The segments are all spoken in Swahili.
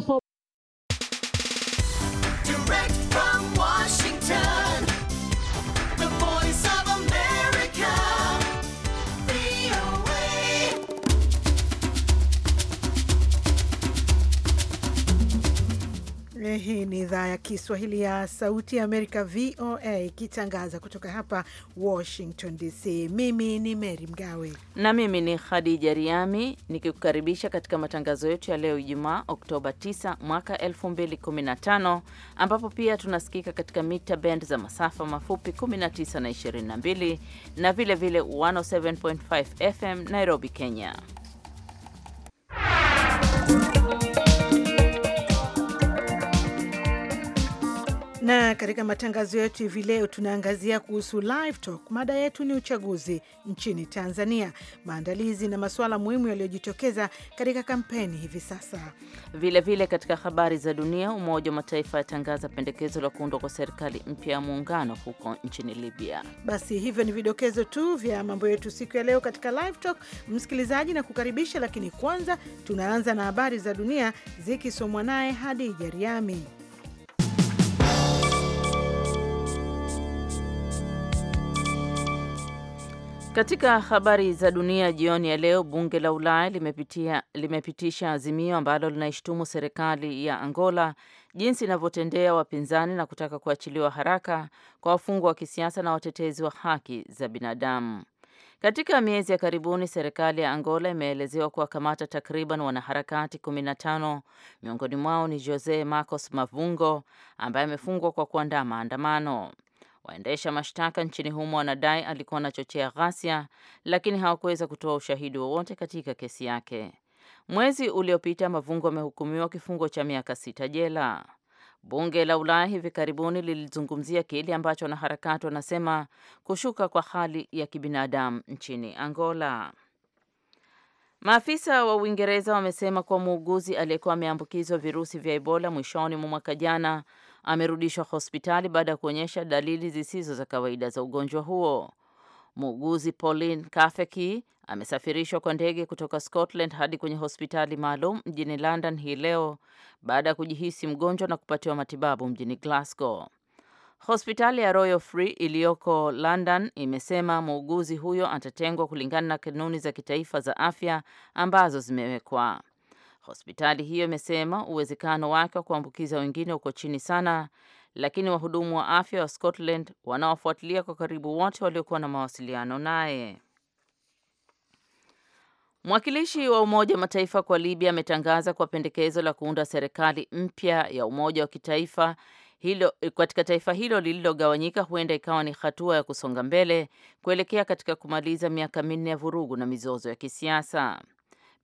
So. Hii ni idhaa ya Kiswahili ya Sauti ya Amerika, VOA, ikitangaza kutoka hapa Washington DC. Mimi ni Mary Mgawe na mimi ni Khadija Riami, nikikukaribisha katika matangazo yetu ya leo Ijumaa, Oktoba 9 mwaka 2015, ambapo pia tunasikika katika mita bend za masafa mafupi 19 na 22 na vilevile 107.5 FM Nairobi, Kenya. na katika matangazo yetu hivi leo tunaangazia kuhusu live talk. Mada yetu ni uchaguzi nchini Tanzania, maandalizi na masuala muhimu yaliyojitokeza katika kampeni hivi sasa. Vilevile vile katika habari za dunia, Umoja wa Mataifa yatangaza pendekezo la kuundwa kwa serikali mpya ya muungano huko nchini Libya. Basi hivyo ni vidokezo tu vya mambo yetu siku ya leo katika live talk, msikilizaji na kukaribisha. Lakini kwanza tunaanza na habari za dunia zikisomwa naye Hadija Riami. Katika habari za dunia jioni ya leo, bunge la Ulaya limepitia, limepitisha azimio ambalo linaishtumu serikali ya Angola jinsi inavyotendea wapinzani na kutaka kuachiliwa haraka kwa wafungwa wa kisiasa na watetezi wa haki za binadamu. Katika miezi ya karibuni serikali ya Angola imeelezewa kuwakamata takriban wanaharakati 15 miongoni mwao ni Jose Marcos Mavungo ambaye amefungwa kwa kuandaa maandamano. Waendesha mashtaka nchini humo wanadai alikuwa anachochea ghasia, lakini hawakuweza kutoa ushahidi wowote katika kesi yake. Mwezi uliopita, Mavungo amehukumiwa kifungo cha miaka sita jela. Bunge la Ulaya hivi karibuni lilizungumzia kile ambacho wanaharakati wanasema kushuka kwa hali ya kibinadamu nchini Angola. Maafisa wa Uingereza wamesema kuwa muuguzi aliyekuwa ameambukizwa virusi vya Ebola mwishoni mwa mwaka jana amerudishwa hospitali baada ya kuonyesha dalili zisizo za kawaida za ugonjwa huo. Muuguzi Pauline Kafeki amesafirishwa kwa ndege kutoka Scotland hadi kwenye hospitali maalum mjini London hii leo baada ya kujihisi mgonjwa na kupatiwa matibabu mjini Glasgow. Hospitali ya Royal Free iliyoko London imesema muuguzi huyo atatengwa kulingana na kanuni za kitaifa za afya ambazo zimewekwa. Hospitali hiyo imesema uwezekano wake wa kuambukiza wengine uko chini sana, lakini wahudumu wa afya wa Scotland wanawafuatilia kwa karibu wote waliokuwa na mawasiliano naye. Mwakilishi wa Umoja wa Mataifa kwa Libya ametangaza kwa pendekezo la kuunda serikali mpya ya umoja wa kitaifa hilo katika taifa hilo lililogawanyika huenda ikawa ni hatua ya kusonga mbele kuelekea katika kumaliza miaka minne ya vurugu na mizozo ya kisiasa.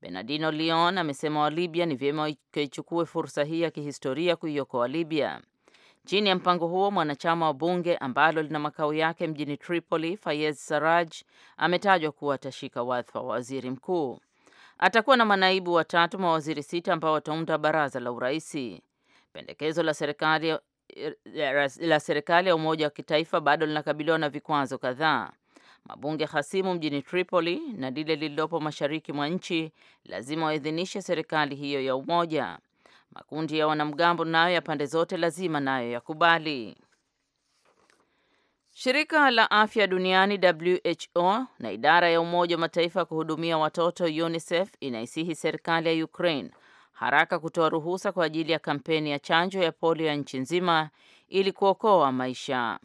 Bernardino Leon amesema wa libya ni vyema wakaichukue fursa hii ya kihistoria kuiokoa Libya. Chini ya mpango huo, mwanachama wa bunge ambalo lina makao yake mjini Tripoli, Fayez Sarraj ametajwa kuwa atashika wadhifa wa waziri mkuu. Atakuwa na manaibu watatu, mawaziri sita ambao wataunda baraza la uraisi. Pendekezo la serikali eh, la serikali ya umoja wa kitaifa bado linakabiliwa na vikwazo kadhaa. Mabunge hasimu mjini Tripoli na lile lililopo mashariki mwa nchi lazima waidhinishe serikali hiyo ya umoja. Makundi ya wanamgambo nayo ya pande zote lazima nayo yakubali. Shirika la Afya Duniani WHO na idara ya Umoja wa Mataifa ya kuhudumia watoto UNICEF inaisihi serikali ya Ukraine haraka kutoa ruhusa kwa ajili ya kampeni ya chanjo ya polio ya nchi nzima ili kuokoa maisha.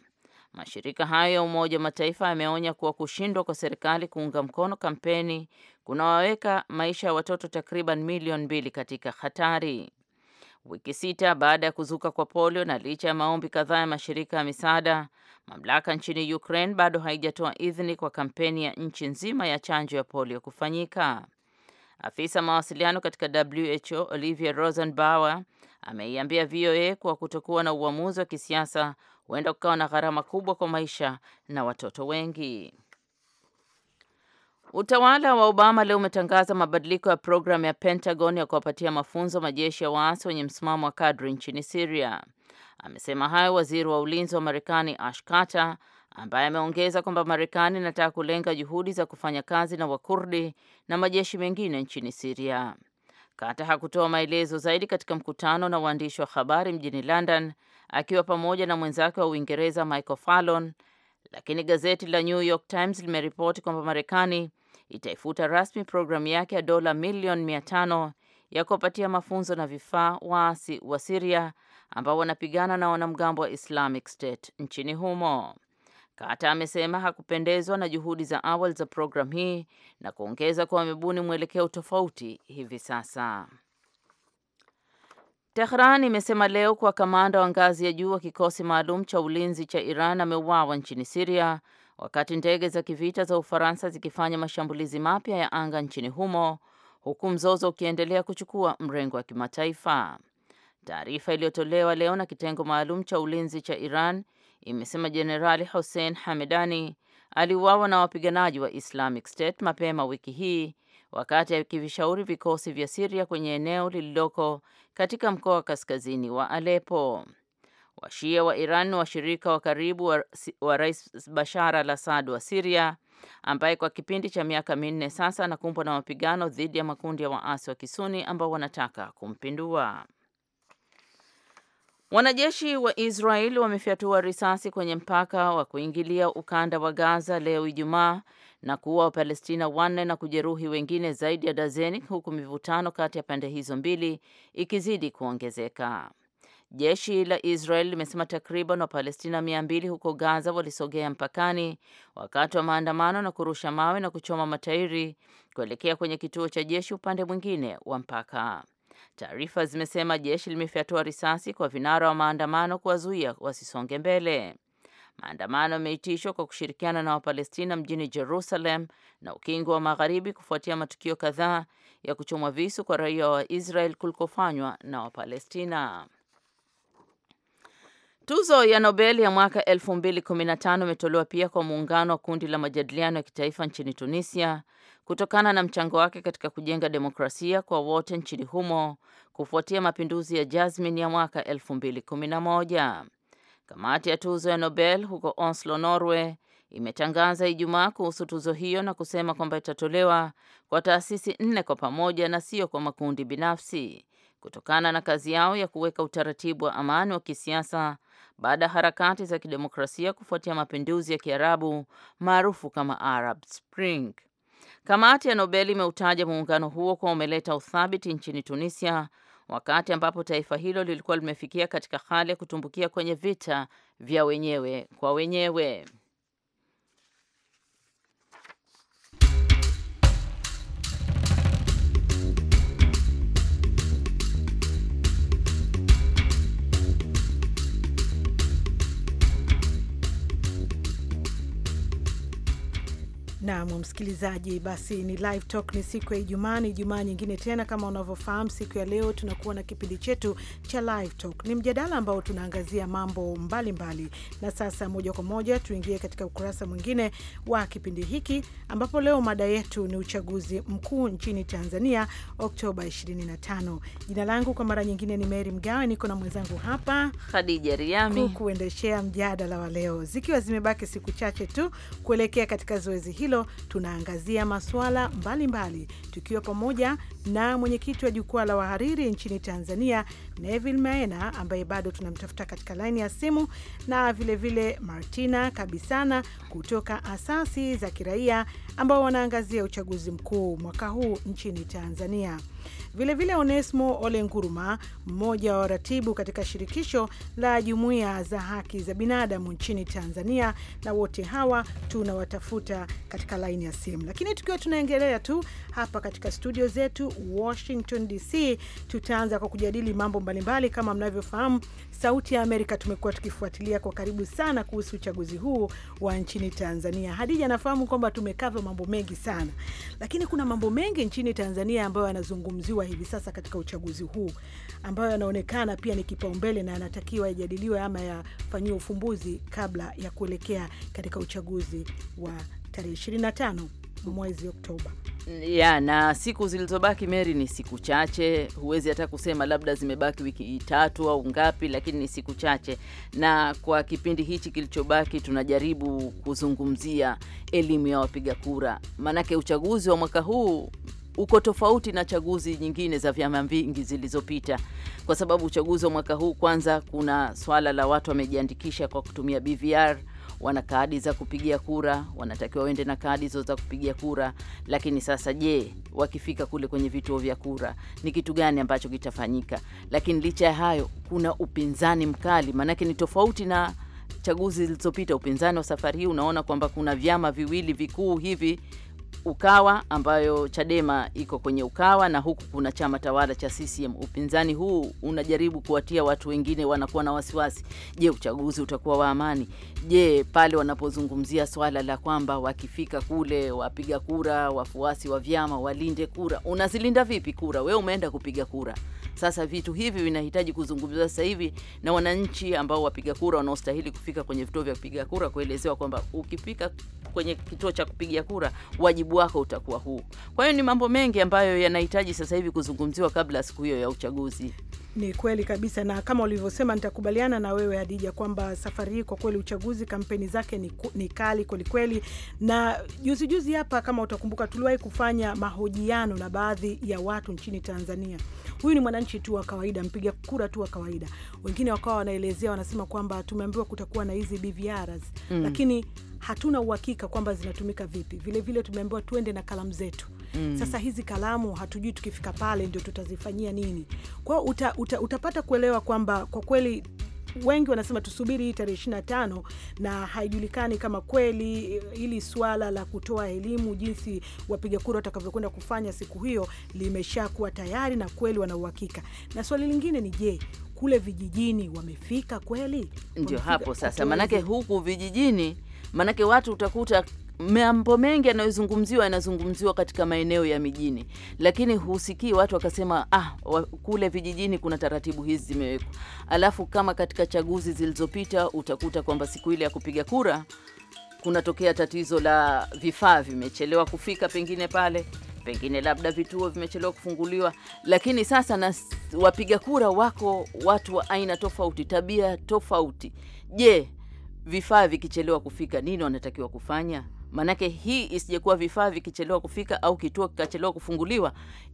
Mashirika hayo ya Umoja wa Mataifa yameonya kuwa kushindwa kwa serikali kuunga mkono kampeni kunawaweka maisha ya watoto takriban milioni mbili katika hatari. Wiki sita baada ya kuzuka kwa polio na licha ya maombi kadhaa ya mashirika ya misaada, mamlaka nchini Ukraine bado haijatoa idhini kwa kampeni ya nchi nzima ya chanjo ya polio kufanyika. Afisa mawasiliano katika WHO Olivia Rosenbauer ameiambia VOA kuwa kutokuwa na uamuzi wa kisiasa huenda kukawa na gharama kubwa kwa maisha na watoto wengi. Utawala wa Obama leo umetangaza mabadiliko ya programu ya Pentagon ya kuwapatia mafunzo majeshi ya waasi wenye msimamo wa kadri nchini Syria. Amesema hayo waziri wa ulinzi wa Marekani Ash Carter, ambaye ameongeza kwamba Marekani inataka kulenga juhudi za kufanya kazi na Wakurdi na majeshi mengine nchini Syria. Carter hakutoa maelezo zaidi katika mkutano na waandishi wa habari mjini London akiwa pamoja na mwenzake wa Uingereza Michael Fallon, lakini gazeti la New York Times limeripoti kwamba Marekani itaifuta rasmi programu yake ya dola milioni 500 ya kuwapatia mafunzo na vifaa waasi wa Siria ambao wanapigana na wanamgambo wa Islamic State nchini humo. Kata amesema hakupendezwa na juhudi za awali za programu hii na kuongeza kuwa wamebuni mwelekeo tofauti hivi sasa. Tehran imesema leo kuwa kamanda wa ngazi ya juu wa kikosi maalum cha ulinzi cha Iran ameuawa nchini Siria wakati ndege za kivita za Ufaransa zikifanya mashambulizi mapya ya anga nchini humo huku mzozo ukiendelea kuchukua mrengo wa kimataifa. Taarifa iliyotolewa leo na kitengo maalum cha ulinzi cha Iran imesema Jenerali Hussein Hamedani aliuawa na wapiganaji wa Islamic State mapema wiki hii wakati akivishauri vikosi vya Syria kwenye eneo lililoko katika mkoa wa kaskazini wa Aleppo. Washia wa Iran ni washirika wa karibu wa, wa Rais Bashar al-Assad wa Syria ambaye kwa kipindi cha miaka minne sasa anakumbwa na mapigano dhidi ya makundi ya waasi wa Kisuni ambao wanataka kumpindua. Wanajeshi wa Israeli wamefyatua risasi kwenye mpaka wa kuingilia ukanda wa Gaza leo Ijumaa na kuua Wapalestina wanne na kujeruhi wengine zaidi ya dazeni huku mivutano kati ya pande hizo mbili ikizidi kuongezeka. Jeshi la Israel limesema takriban Wapalestina mia mbili huko Gaza walisogea mpakani wakati wa maandamano na kurusha mawe na kuchoma matairi kuelekea kwenye kituo cha jeshi upande mwingine wa mpaka. Taarifa zimesema jeshi limefyatua risasi kwa vinara wa maandamano kuwazuia wasisonge mbele. Maandamano yameitishwa kwa kushirikiana na Wapalestina mjini Jerusalem na Ukingo wa Magharibi kufuatia matukio kadhaa ya kuchomwa visu kwa raia wa Israel kulikofanywa na Wapalestina. Tuzo ya Nobel ya mwaka 2015 imetolewa pia kwa muungano wa kundi la majadiliano ya kitaifa nchini Tunisia kutokana na mchango wake katika kujenga demokrasia kwa wote nchini humo kufuatia mapinduzi ya Jasmin ya mwaka 2011. Kamati ya tuzo ya Nobel huko Oslo, Norway imetangaza Ijumaa kuhusu tuzo hiyo na kusema kwamba itatolewa kwa taasisi nne kwa pamoja na sio kwa makundi binafsi kutokana na kazi yao ya kuweka utaratibu wa amani wa kisiasa baada ya harakati za kidemokrasia kufuatia mapinduzi ya Kiarabu maarufu kama Arab Spring. Kamati ya Nobel imeutaja muungano huo kuwa umeleta uthabiti nchini Tunisia wakati ambapo taifa hilo lilikuwa limefikia katika hali ya kutumbukia kwenye vita vya wenyewe kwa wenyewe. Nam msikilizaji, basi ni Live Talk, ni siku ya Ijumaa, ni Ijumaa nyingine tena. Kama unavyofahamu, siku ya leo tunakuwa na kipindi chetu cha Live Talk, ni mjadala ambao tunaangazia mambo mbalimbali mbali. Na sasa moja kwa moja tuingie katika ukurasa mwingine wa kipindi hiki ambapo leo mada yetu ni uchaguzi mkuu nchini Tanzania Oktoba 25. Jina langu kwa mara nyingine ni Mary Mgawe, niko na mwenzangu hapa Khadija Riami kuendeshea mjadala wa leo, zikiwa zimebaki siku chache tu kuelekea katika zoezi hili hilo tunaangazia masuala mbalimbali, tukiwa pamoja na mwenyekiti wa jukwaa la wahariri nchini Tanzania, Neville Maena, ambaye bado tunamtafuta katika laini ya simu, na vilevile vile Martina Kabisana kutoka asasi za kiraia ambao wanaangazia uchaguzi mkuu mwaka huu nchini Tanzania. Vilevile Onesmo Ole Nguruma, mmoja wa ratibu katika shirikisho la jumuiya za haki za binadamu nchini Tanzania, na wote hawa tunawatafuta katika laini ya simu. Lakini tukiwa tunaendelea tu hapa katika studio zetu Washington DC, tutaanza kwa kujadili mambo mbalimbali. Kama mnavyofahamu, Sauti ya Amerika tumekuwa tukifuatilia kwa karibu sana kuhusu uchaguzi huu wa nchini Tanzania. Hadija anafahamu kwamba tumekava mambo mengi sana, lakini kuna mambo mengi nchini Tanzania ambayo yanazungumziwa yanayojadiliwa hivi sasa katika uchaguzi huu, ambayo yanaonekana pia ni kipaumbele na yanatakiwa yajadiliwe ama yafanyiwe ufumbuzi kabla ya kuelekea katika uchaguzi wa tarehe 25 mwezi Oktoba ya na siku zilizobaki Meri ni siku chache, huwezi hata kusema labda zimebaki wiki tatu au ngapi, lakini ni siku chache. Na kwa kipindi hichi kilichobaki, tunajaribu kuzungumzia elimu ya wapiga kura, maanake uchaguzi wa mwaka huu uko tofauti na chaguzi nyingine za vyama vingi zilizopita, kwa sababu uchaguzi wa mwaka huu, kwanza kuna swala la watu wamejiandikisha kwa kutumia BVR wana kadi za kupigia kura, wanatakiwa waende na kadi hizo za kupigia kura. Lakini sasa, je, wakifika kule kwenye vituo vya kura ni kitu gani ambacho kitafanyika? Lakini licha ya hayo, kuna upinzani mkali, maanake ni tofauti na chaguzi zilizopita. Upinzani wa safari hii unaona kwamba kuna vyama viwili vikuu hivi Ukawa ambayo Chadema iko kwenye Ukawa na huku kuna chama tawala cha CCM. Upinzani huu unajaribu kuwatia watu wengine, wanakuwa na wasiwasi. Je, uchaguzi utakuwa wa amani? Je, pale wanapozungumzia swala la kwamba wakifika kule wapiga kura, wafuasi wa vyama walinde kura, unazilinda vipi kura? Wewe umeenda kupiga kura. Sasa vitu hivi vinahitaji kuzungumzwa sasa hivi na wananchi ambao wapiga kura wanaostahili kufika kwenye vituo vya kupiga kura, kuelezewa kwamba ukifika kwenye kituo cha kupiga kura waji wajibu wako utakuwa huu. Kwa hiyo ni mambo mengi ambayo yanahitaji sasa hivi kuzungumziwa kabla siku hiyo ya uchaguzi. Ni kweli kabisa, na kama ulivyosema, nitakubaliana na wewe Hadija kwamba safari hii kwa kweli uchaguzi kampeni zake ni, ni kali kwelikweli. Na juzijuzi juzi hapa, kama utakumbuka, tuliwahi kufanya mahojiano na baadhi ya watu nchini Tanzania huyu ni mwananchi tu wa kawaida, mpiga kura tu wa kawaida. Wengine wakawa wanaelezea, wanasema kwamba tumeambiwa kutakuwa na hizi BVRs mm. lakini hatuna uhakika kwamba zinatumika vipi. Vilevile tumeambiwa tuende na kalamu zetu mm. Sasa hizi kalamu hatujui tukifika pale ndio tutazifanyia nini. kwao. uta, uta, utapata kuelewa kwamba kwa kweli wengi wanasema tusubiri hii tarehe 25, na haijulikani kama kweli eh, hili swala la kutoa elimu jinsi wapiga kura watakavyokwenda kufanya siku hiyo limeshakuwa tayari na kweli wana uhakika. Na swali lingine ni je, kule vijijini wamefika kweli? Ndio hapo sasa, manake huku vijijini, manake watu utakuta mambo mengi yanayozungumziwa yanazungumziwa katika maeneo ya mijini, lakini husikii watu wakasema ah, kule vijijini kuna taratibu hizi zimewekwa. Alafu kama katika chaguzi zilizopita utakuta kwamba siku ile ya kupiga kura kunatokea tatizo la vifaa vimechelewa kufika pengine pale pengine labda vituo vimechelewa kufunguliwa. Lakini sasa na wapiga kura wako watu wa aina tofauti, tabia tofauti. Je, vifaa vikichelewa kufika, nini wanatakiwa kufanya? Maanake hii isijekuwa vifaa vikichelewa kufika au kituo kikachelewa kufunguliwa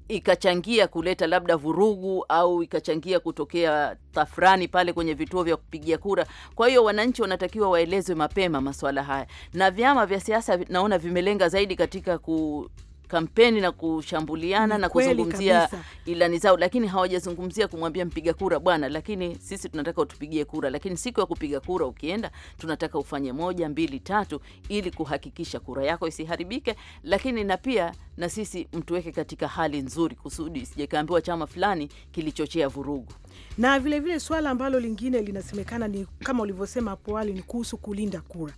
ikachangia kuleta labda vurugu au ikachangia kutokea tafrani pale kwenye vituo vya kupigia kura. Kwa hiyo wananchi wanatakiwa waelezwe mapema masuala haya, na vyama vya siasa naona vimelenga zaidi katika ku kampeni na kushambuliana na kuzungumzia ilani zao, lakini hawajazungumzia kumwambia mpiga kura, bwana, lakini sisi tunataka utupigie kura, lakini siku ya kupiga kura ukienda, tunataka ufanye moja, mbili, tatu, ili kuhakikisha kura yako isiharibike, lakini na pia na sisi mtuweke katika hali nzuri, kusudi sijakaambiwa chama fulani kilichochea vurugu. Na vilevile vile swala ambalo lingine linasemekana ni kama ulivyosema hapo awali, ni kuhusu kulinda kura.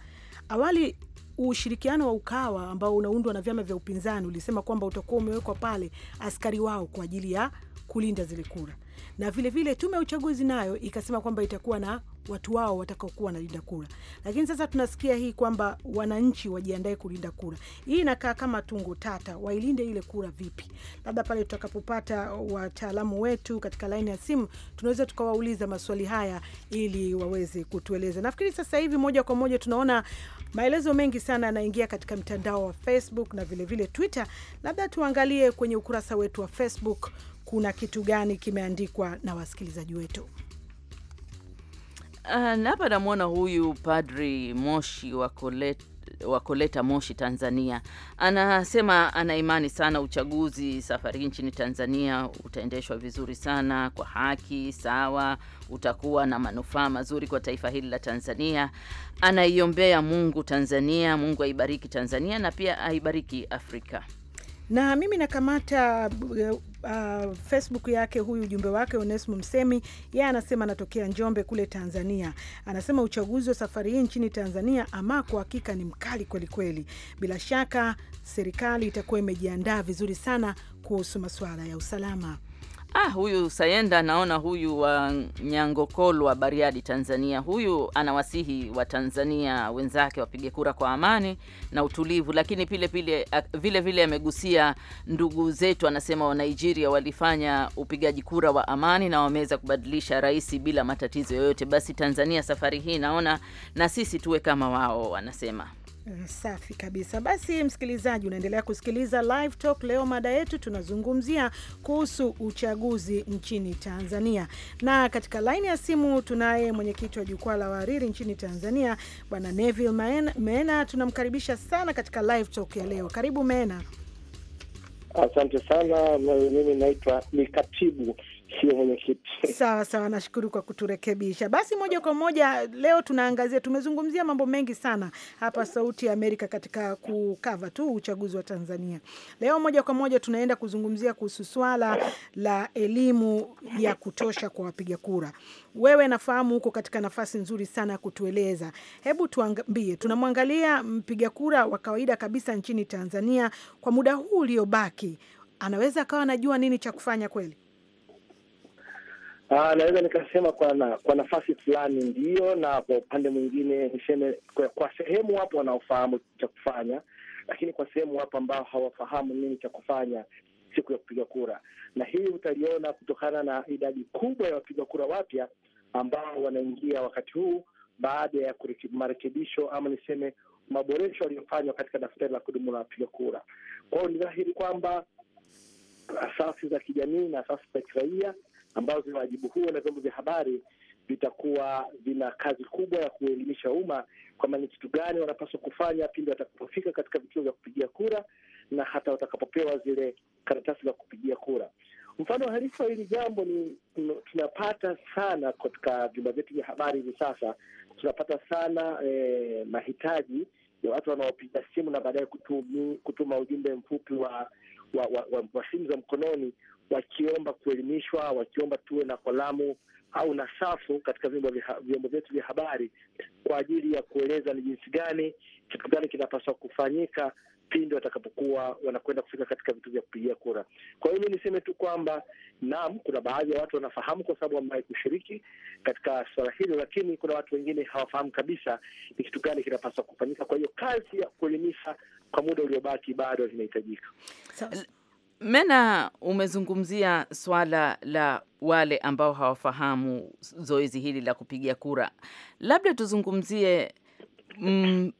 Awali ushirikiano wa Ukawa ambao unaundwa na vyama vya upinzani ulisema kwamba utakuwa umewekwa pale askari wao kwa ajili ya kulinda zile kura, na vilevile tume ya uchaguzi nayo ikasema kwamba itakuwa na watu wao watakaokuwa wanalinda kura. Lakini sasa tunasikia hii kwamba wananchi wajiandae kulinda kura. Hii inakaa kama tungo tata, wailinde ile kura vipi? Labda pale tutakapopata wataalamu wetu katika laini ya simu, tunaweza tukawauliza maswali haya ili waweze kutueleza. Nafikiri sasa hivi moja kwa moja tunaona Maelezo mengi sana yanaingia katika mtandao wa Facebook na vilevile vile Twitter. Labda tuangalie kwenye ukurasa wetu wa Facebook kuna kitu gani kimeandikwa na wasikilizaji wetu. Ah, hapa namwona huyu Padri Moshi wa Koleta wa Koleta Moshi, Tanzania, anasema ana imani sana uchaguzi safari hii nchini Tanzania utaendeshwa vizuri sana kwa haki sawa, utakuwa na manufaa mazuri kwa taifa hili la Tanzania. Anaiombea Mungu Tanzania, Mungu aibariki Tanzania na pia aibariki Afrika na mimi nakamata eh, uh, Facebook yake huyu ujumbe wake Onesmo Msemi, yeye anasema anatokea Njombe kule Tanzania. Anasema uchaguzi wa safari hii nchini Tanzania ama kwa hakika ni mkali kweli kweli. Bila shaka serikali itakuwa imejiandaa vizuri sana kuhusu masuala ya usalama. Ah, huyu Sayenda naona huyu wa Nyangokolwa Bariadi, Tanzania, huyu anawasihi wa Tanzania wenzake wapige kura kwa amani na utulivu, lakini pile pile vile vile amegusia ndugu zetu, anasema wa Nigeria walifanya upigaji kura wa amani na wameweza kubadilisha rais bila matatizo yoyote. Basi Tanzania safari hii naona na sisi tuwe kama wao, anasema. Mm, safi kabisa. Basi msikilizaji, unaendelea kusikiliza Live Talk. Leo mada yetu tunazungumzia kuhusu uchaguzi nchini Tanzania, na katika laini ya simu tunaye mwenyekiti wa jukwaa la wahariri nchini Tanzania, Bwana Neville mena tunamkaribisha sana katika Live Talk ya leo. Karibu mena Asante sana. Mimi naitwa ni katibu sio mwenyekiti. Sawa sawa, nashukuru kwa kuturekebisha. Basi moja kwa moja leo tunaangazia, tumezungumzia mambo mengi sana hapa Sauti ya Amerika katika kukava tu uchaguzi wa Tanzania. Leo moja kwa moja tunaenda kuzungumzia kuhusu swala la elimu ya kutosha kwa wapiga kura. Wewe nafahamu huko katika nafasi nzuri sana ya kutueleza, hebu tuambie, tunamwangalia mpiga kura wa kawaida kabisa nchini Tanzania kwa muda huu uliobaki, anaweza akawa anajua nini cha kufanya kweli? Aa, ah, naweza nikasema kwa na, kwa nafasi fulani ndiyo, na kwa upande mwingine niseme kwa, kwa sehemu wapo wanaofahamu cha kufanya, lakini kwa sehemu wapo ambao hawafahamu nini cha kufanya siku ya kupiga kura, na hii utaliona kutokana na idadi kubwa ya wapiga kura wapya ambao wanaingia wakati huu baada ya marekebisho ama niseme maboresho yaliyofanywa katika daftari la kudumu la wapiga kura. Kwa hiyo ni dhahiri kwamba asasi za kijamii na asasi za kiraia ambazo wajibu huo na vyombo vya habari vitakuwa vina kazi kubwa ya kuelimisha umma kwamba ni kitu gani wanapaswa kufanya pindi watakapofika katika vituo vya kupigia kura na hata watakapopewa zile karatasi za kupigia kura. Mfano halisi wa hili jambo ni tunapata sana katika vyumba vyetu vya habari hivi sasa, tunapata sana eh, mahitaji ya watu wanaopiga simu na baadaye kutuma ujumbe mfupi wa wa, wa, wa, wa simu za mkononi wakiomba kuelimishwa, wakiomba tuwe na kalamu au na safu katika vyombo vyetu vya habari kwa ajili ya kueleza ni jinsi gani, kitu gani kinapaswa kufanyika pindi watakapokuwa wanakwenda kufika katika vituo vya kupigia kura. Kwa hiyo mi niseme tu kwamba naam, kuna baadhi ya watu wanafahamu kwa sababu wamewahi kushiriki katika suala hilo, lakini kuna watu wengine hawafahamu kabisa ni kitu gani kinapaswa kufanyika. Kwa hiyo kazi ya kuelimisha kwa muda uliobaki bado zinahitajika. Mena, umezungumzia swala la wale ambao hawafahamu zoezi hili la kupiga kura. Labda tuzungumzie mm,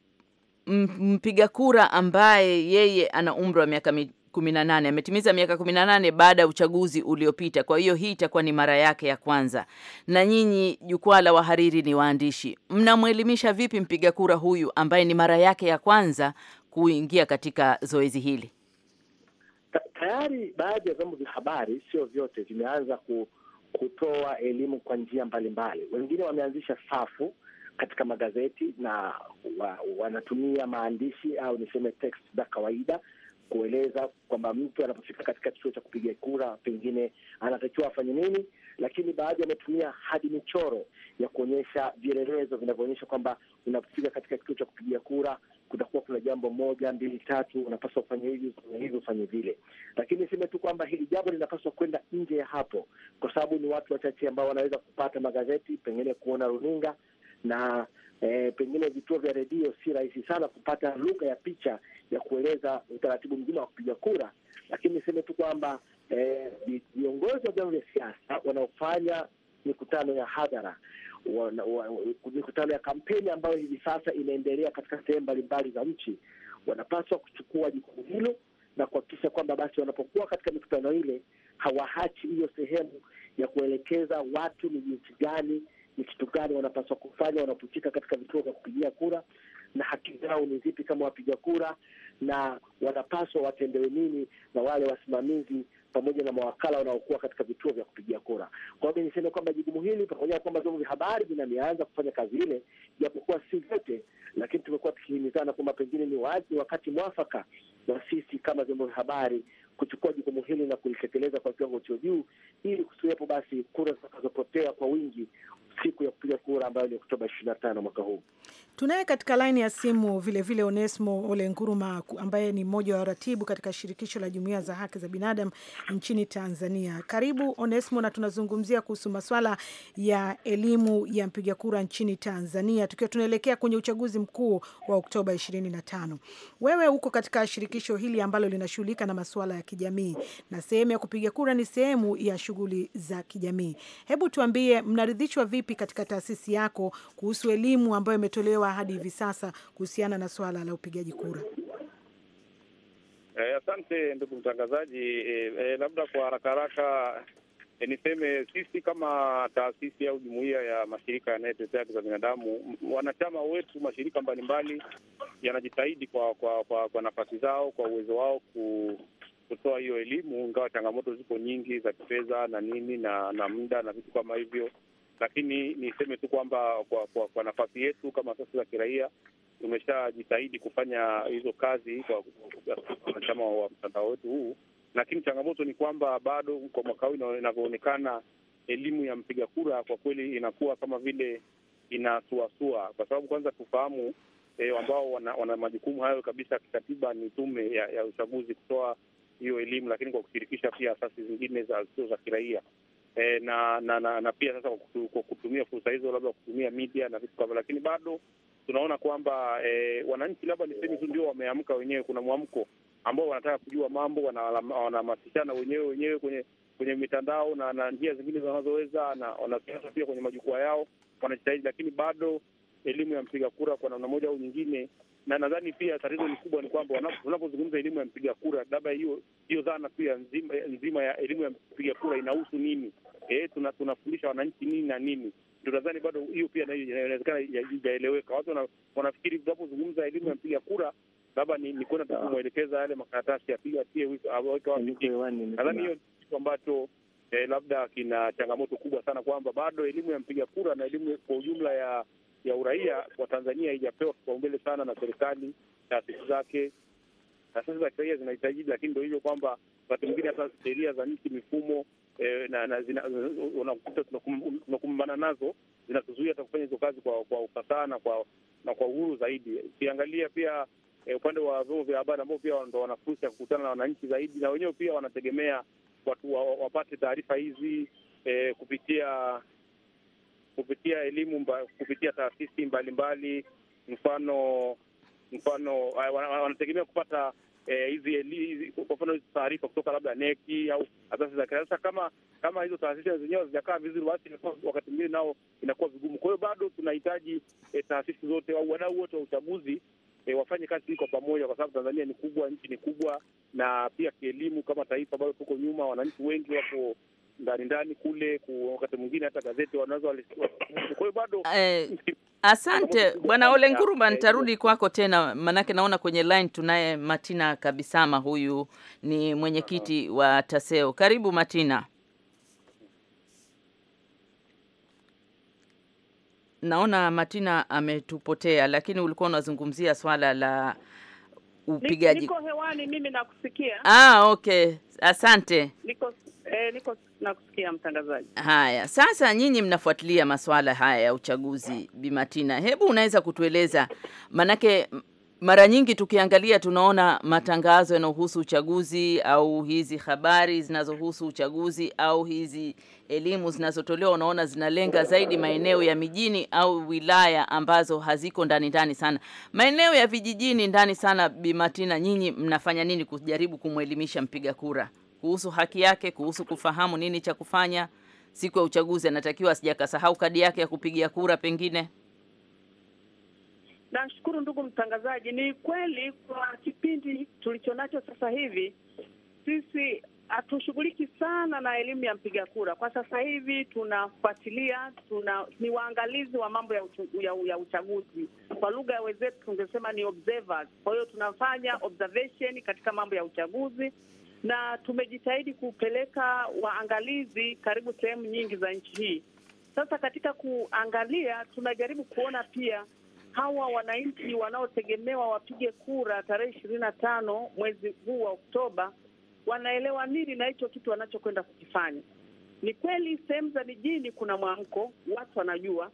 mm, mpiga kura ambaye yeye ana umri wa miaka kumi na nane, ametimiza miaka kumi na nane baada ya uchaguzi uliopita. Kwa hiyo hii itakuwa ni mara yake ya kwanza, na nyinyi jukwaa la wahariri ni waandishi, mnamwelimisha vipi mpiga kura huyu ambaye ni mara yake ya kwanza kuingia katika zoezi hili? tayari baadhi ya vyombo vya habari, sio vyote, vimeanza ku, kutoa elimu kwa njia mbalimbali. Wengine wameanzisha safu katika magazeti na wa, wanatumia maandishi au niseme text za kawaida kueleza kwamba mtu anapofika katika kituo cha kupiga kura pengine anatakiwa afanye nini, lakini baadhi wametumia hadi michoro ya kuonyesha vielelezo vinavyoonyesha kwamba unapofika katika kituo cha kupiga kura kutakuwa kuna jambo moja mbili tatu, unapaswa kufanya hivi, ufanye hivi, ufanye vile. Lakini niseme tu kwamba hili jambo linapaswa kwenda nje ya hapo, kwa sababu ni watu wachache ambao wanaweza kupata magazeti, pengine kuona runinga na e, pengine vituo vya redio. Si rahisi sana kupata lugha ya picha ya kueleza utaratibu mzima wa kupiga kura, lakini niseme tu kwamba eh, viongozi e, wa vyama vya siasa wanaofanya mikutano ya hadhara mikutano ya kampeni ambayo hivi sasa inaendelea katika sehemu mbalimbali za nchi, wanapaswa kuchukua jukumu hilo na kuhakikisha kwamba basi wanapokuwa katika mikutano ile hawahachi hiyo sehemu ya kuelekeza watu ni jinsi gani, ni kitu gani wanapaswa kufanya wanapofika katika vituo vya kupigia kura, na haki zao ni zipi kama wapiga kura, na wanapaswa watendewe nini na wale wasimamizi pamoja na mawakala wanaokuwa katika vituo vya kupigia kura. Kwa hiyo niseme kwamba jukumu hili pamoja na kwamba vyombo vya habari vinameanza kufanya kazi ile, japokuwa si vyote, lakini tumekuwa tukihimizana kwamba pengine ni wazi wakati mwafaka na sisi kama vyombo vya habari kuchukua jukumu hili na kulitekeleza kwa kiwango cha juu, ili kusiwepo basi kura zitakazopotea kwa wingi siku ya kupiga kura ambayo ni Oktoba 25 mwaka huu. Tunaye katika laini ya simu vilevile vile Onesmo Ole Nguruma ambaye ni mmoja wa ratibu katika shirikisho la jumuiya za haki za binadamu nchini Tanzania. Karibu Onesmo, na tunazungumzia kuhusu maswala ya elimu ya mpiga kura nchini Tanzania tukiwa tunaelekea kwenye uchaguzi mkuu wa Oktoba 25. Wewe uko katika shirikisho hili ambalo linashughulika na masuala ya kijamii na sehemu ya kupiga kura ni sehemu ya shughuli za kijamii. Hebu tuambie mnaridhishwa vipi vipi katika taasisi yako kuhusu elimu ambayo imetolewa hadi hivi sasa kuhusiana na swala la upigaji kura? Eh, asante ndugu mtangazaji. Eh, eh, labda kwa haraka haraka eh, niseme sisi kama taasisi au jumuiya ya mashirika yanayotetea haki za binadamu, wanachama wetu mashirika mbalimbali yanajitahidi kwa kwa, kwa, kwa nafasi zao kwa uwezo wao ku kutoa hiyo elimu, ingawa changamoto ziko nyingi za kifedha na nini na na muda na vitu kama hivyo, lakini niseme tu kwamba kwa, kwa, kwa nafasi yetu kama asasi za kiraia tumeshajitahidi kufanya hizo kazi kwa wanachama wa mtandao wetu huu, lakini changamoto ni kwamba bado kwa mwaka huu inavyoonekana, elimu ya mpiga kura kwa kweli inakuwa kama vile inasuasua, kwa sababu kwanza tufahamu e, ambao wana, wana majukumu hayo kabisa kikatiba ni tume ya, ya uchaguzi kutoa hiyo elimu, lakini kwa kushirikisha pia asasi zingine zasio za kiraia e, na, na, na na pia sasa kwa kutumia fursa hizo labda kutumia media na vitu kama, lakini bado tunaona kwamba e, wananchi labda niseme tu ndio wameamka wenyewe. Kuna mwamko ambao wanataka kujua mambo, wanahamasishana wenyewe wenyewe kwenye kwenye mitandao na, na njia zingine wanazoweza, na wanasiasa pia kwenye majukwaa yao wanajitahidi, lakini bado elimu ya mpiga kura kwa namna moja au nyingine na nadhani pia tatizo ni kubwa ni kwamba unapozungumza elimu ya mpiga kura, labda hiyo hiyo dhana pia nzima, nzima ya elimu ya mpiga kura inahusu nini? E, tuna, tunafundisha wananchi nini na nini? Ndio nadhani bado hiyo pia inawezekana haijaeleweka. Watu wanafikiri tunapozungumza elimu ya mpiga kura labda ni, ni kwenda tu ah. kumwelekeza yale makaratasi nadhani hiyo kitu ambacho eh, labda kina changamoto kubwa sana kwamba bado elimu ya mpiga kura na elimu kwa ujumla ya ya uraia kwa Tanzania haijapewa kipaumbele sana na serikali, taasisi zake, taasisi za kiraia zinahitaji, lakini ndo hivyo kwamba wakati mwingine hata sheria za nchi, mifumo eh, unakuta tunakumbana nazo zinatuzuia hata kufanya hizo kazi kwa kwa ufasaha na kwa na kwa uhuru zaidi. Ukiangalia pia e, upande wa vyombo vya habari ambao pia ndo wana fursa ya kukutana na wananchi zaidi, na wenyewe pia wanategemea watu wapate taarifa hizi e, kupitia kupitia elimu mba, kupitia taasisi mbalimbali mfano mfano eh, wanategemea kupata eh, hizi kwa mfano hizi taarifa kutoka labda neki au asasi za kiraia. Sasa kama kama hizo taasisi zenyewe hazijakaa vizuri, basi wakati mwingine nao inakuwa vigumu. Kwa hiyo bado tunahitaji e, taasisi zote au wadau wote wa uchaguzi e, wafanye kazi hii kwa pamoja, kwa sababu Tanzania ni kubwa, nchi ni kubwa, na pia kielimu kama taifa bado tuko nyuma. Wananchi wengi wako ndani ndani kule, wakati mwingine hata gazeti wanaweza walisikia. Kwa hiyo bado eh, asante Bwana Ole Nguruma, nitarudi kwako tena, manake naona kwenye line tunaye Matina Kabisama, huyu ni mwenyekiti wa Taseo. Karibu Matina. Naona Matina ametupotea, lakini ulikuwa unazungumzia swala la upigaji. Niko hewani mimi, nakusikia. Ah, okay, asante. Niko, eh, niko Nakusikia mtangazaji. Haya, sasa nyinyi mnafuatilia masuala haya ya uchaguzi, Bimatina, hebu unaweza kutueleza, manake mara nyingi tukiangalia tunaona matangazo yanayohusu uchaguzi au hizi habari zinazohusu uchaguzi au hizi elimu zinazotolewa, unaona zinalenga zaidi maeneo ya mijini au wilaya ambazo haziko ndani ndani sana, maeneo ya vijijini ndani sana. Bimatina, nyinyi mnafanya nini kujaribu kumwelimisha mpiga kura? kuhusu haki yake, kuhusu kufahamu nini cha kufanya siku ya uchaguzi. Anatakiwa asijakasahau kadi yake ya kupigia kura pengine. Nashukuru ndugu mtangazaji. Ni kweli kwa kipindi tulichonacho sasa hivi sisi hatushughuliki sana na elimu ya mpiga kura. Kwa sasa hivi tunafuatilia, tuna ni waangalizi wa mambo ya, uchu, ya, ya uchaguzi. Kwa lugha ya wenzetu tungesema ni observers. Kwa hiyo tunafanya observation katika mambo ya uchaguzi, na tumejitahidi kupeleka waangalizi karibu sehemu nyingi za nchi hii. Sasa katika kuangalia, tunajaribu kuona pia hawa wananchi wanaotegemewa wapige kura tarehe ishirini na tano mwezi huu wa Oktoba wanaelewa nini na hicho kitu wanachokwenda kukifanya. Ni kweli sehemu za mijini kuna mwamko, watu wanajua,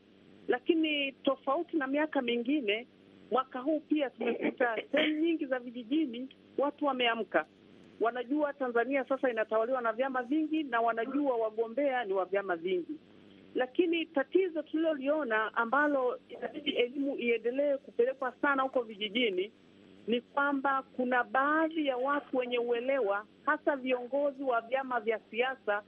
lakini tofauti na miaka mingine, mwaka huu pia tumekuta sehemu nyingi za vijijini watu wameamka wanajua Tanzania sasa inatawaliwa na vyama vingi na wanajua wagombea ni wa vyama vingi, lakini tatizo tuliloliona ambalo inabidi elimu iendelee kupelekwa sana huko vijijini ni kwamba kuna baadhi ya watu wenye uelewa, hasa viongozi wa vyama vya siasa,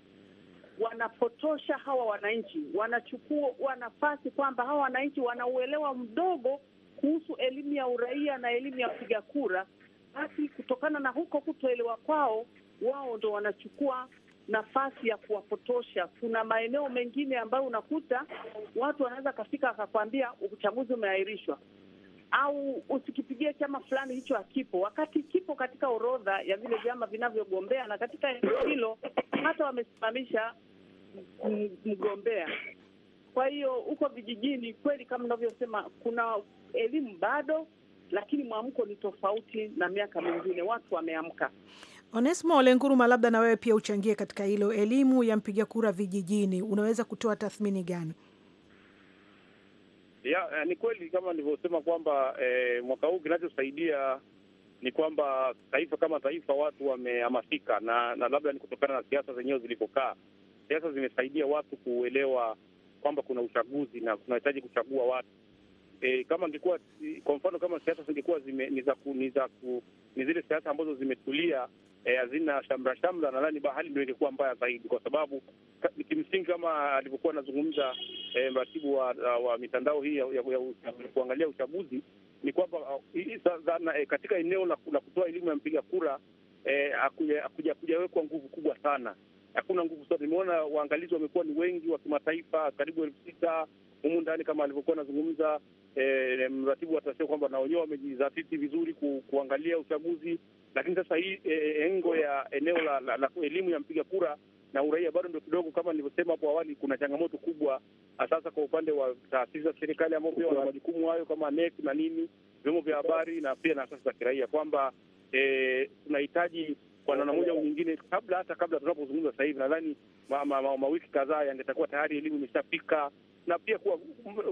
wanapotosha hawa wananchi, wanachukua nafasi kwamba hawa wananchi wana uelewa mdogo kuhusu elimu ya uraia na elimu ya kupiga kura basi kutokana na huko kutoelewa kwao, wao ndo wanachukua nafasi ya kuwapotosha. Kuna maeneo mengine ambayo unakuta watu wanaweza akafika akakwambia uchaguzi umeahirishwa au usikipigie chama fulani, hicho hakipo, wakati kipo katika orodha ya vile vyama vinavyogombea, na katika eneo hilo hata wamesimamisha mgombea. Kwa hiyo huko vijijini kweli, kama unavyosema, kuna elimu bado lakini mwamko ni tofauti na miaka mingine, watu wameamka. Onesmo Ole Nguruma, labda na wewe pia uchangie katika hilo. Elimu ya mpiga kura vijijini, unaweza kutoa tathmini gani? Ya, eh, ni kweli kama nilivyosema kwamba eh, mwaka huu kinachosaidia ni kwamba taifa kama taifa watu wamehamasika, na na labda ni kutokana na siasa zenyewe zilivyokaa. Siasa zimesaidia watu kuelewa kwamba kuna uchaguzi na kunahitaji kuchagua watu E, kama angekuwa kwa mfano kama siasa zingekuwa ni zile siasa ambazo zimetulia eh, hazina e, shamra shamra, nadhani hali ndio ingekuwa mbaya zaidi, kwa sababu kimsingi kama alivyokuwa anazungumza e, mratibu wa, wa mitandao hii ya, ya, ya, ya kuangalia uchaguzi ni kwamba e, katika eneo la kutoa elimu ya mpiga kura hakujawekwa e, nguvu kubwa sana hakuna nguvu zote. Nimeona waangalizi wamekuwa ni wengi wa kimataifa, karibu elfu sita humu ndani, kama alivyokuwa anazungumza e, mratibu wa taasisi kwamba na wenyewe wamejizatiti vizuri ku, kuangalia uchaguzi. Lakini sasa hii eh, engo ya eneo la, la, la elimu ya mpiga kura na uraia bado ndo kidogo, kama nilivyosema hapo awali, kuna changamoto kubwa sasa kwa upande wa taasisi za serikali ambao pia wana majukumu hayo kama NEC na nini, vyombo vya habari na pia na asasi za kiraia, kwamba eh, tunahitaji kwa namna moja au nyingine, kabla hata kabla tunapozungumza sasa hivi, nadhani mawiki kadhaa yangetakuwa tayari elimu imeshafika na pia kuwa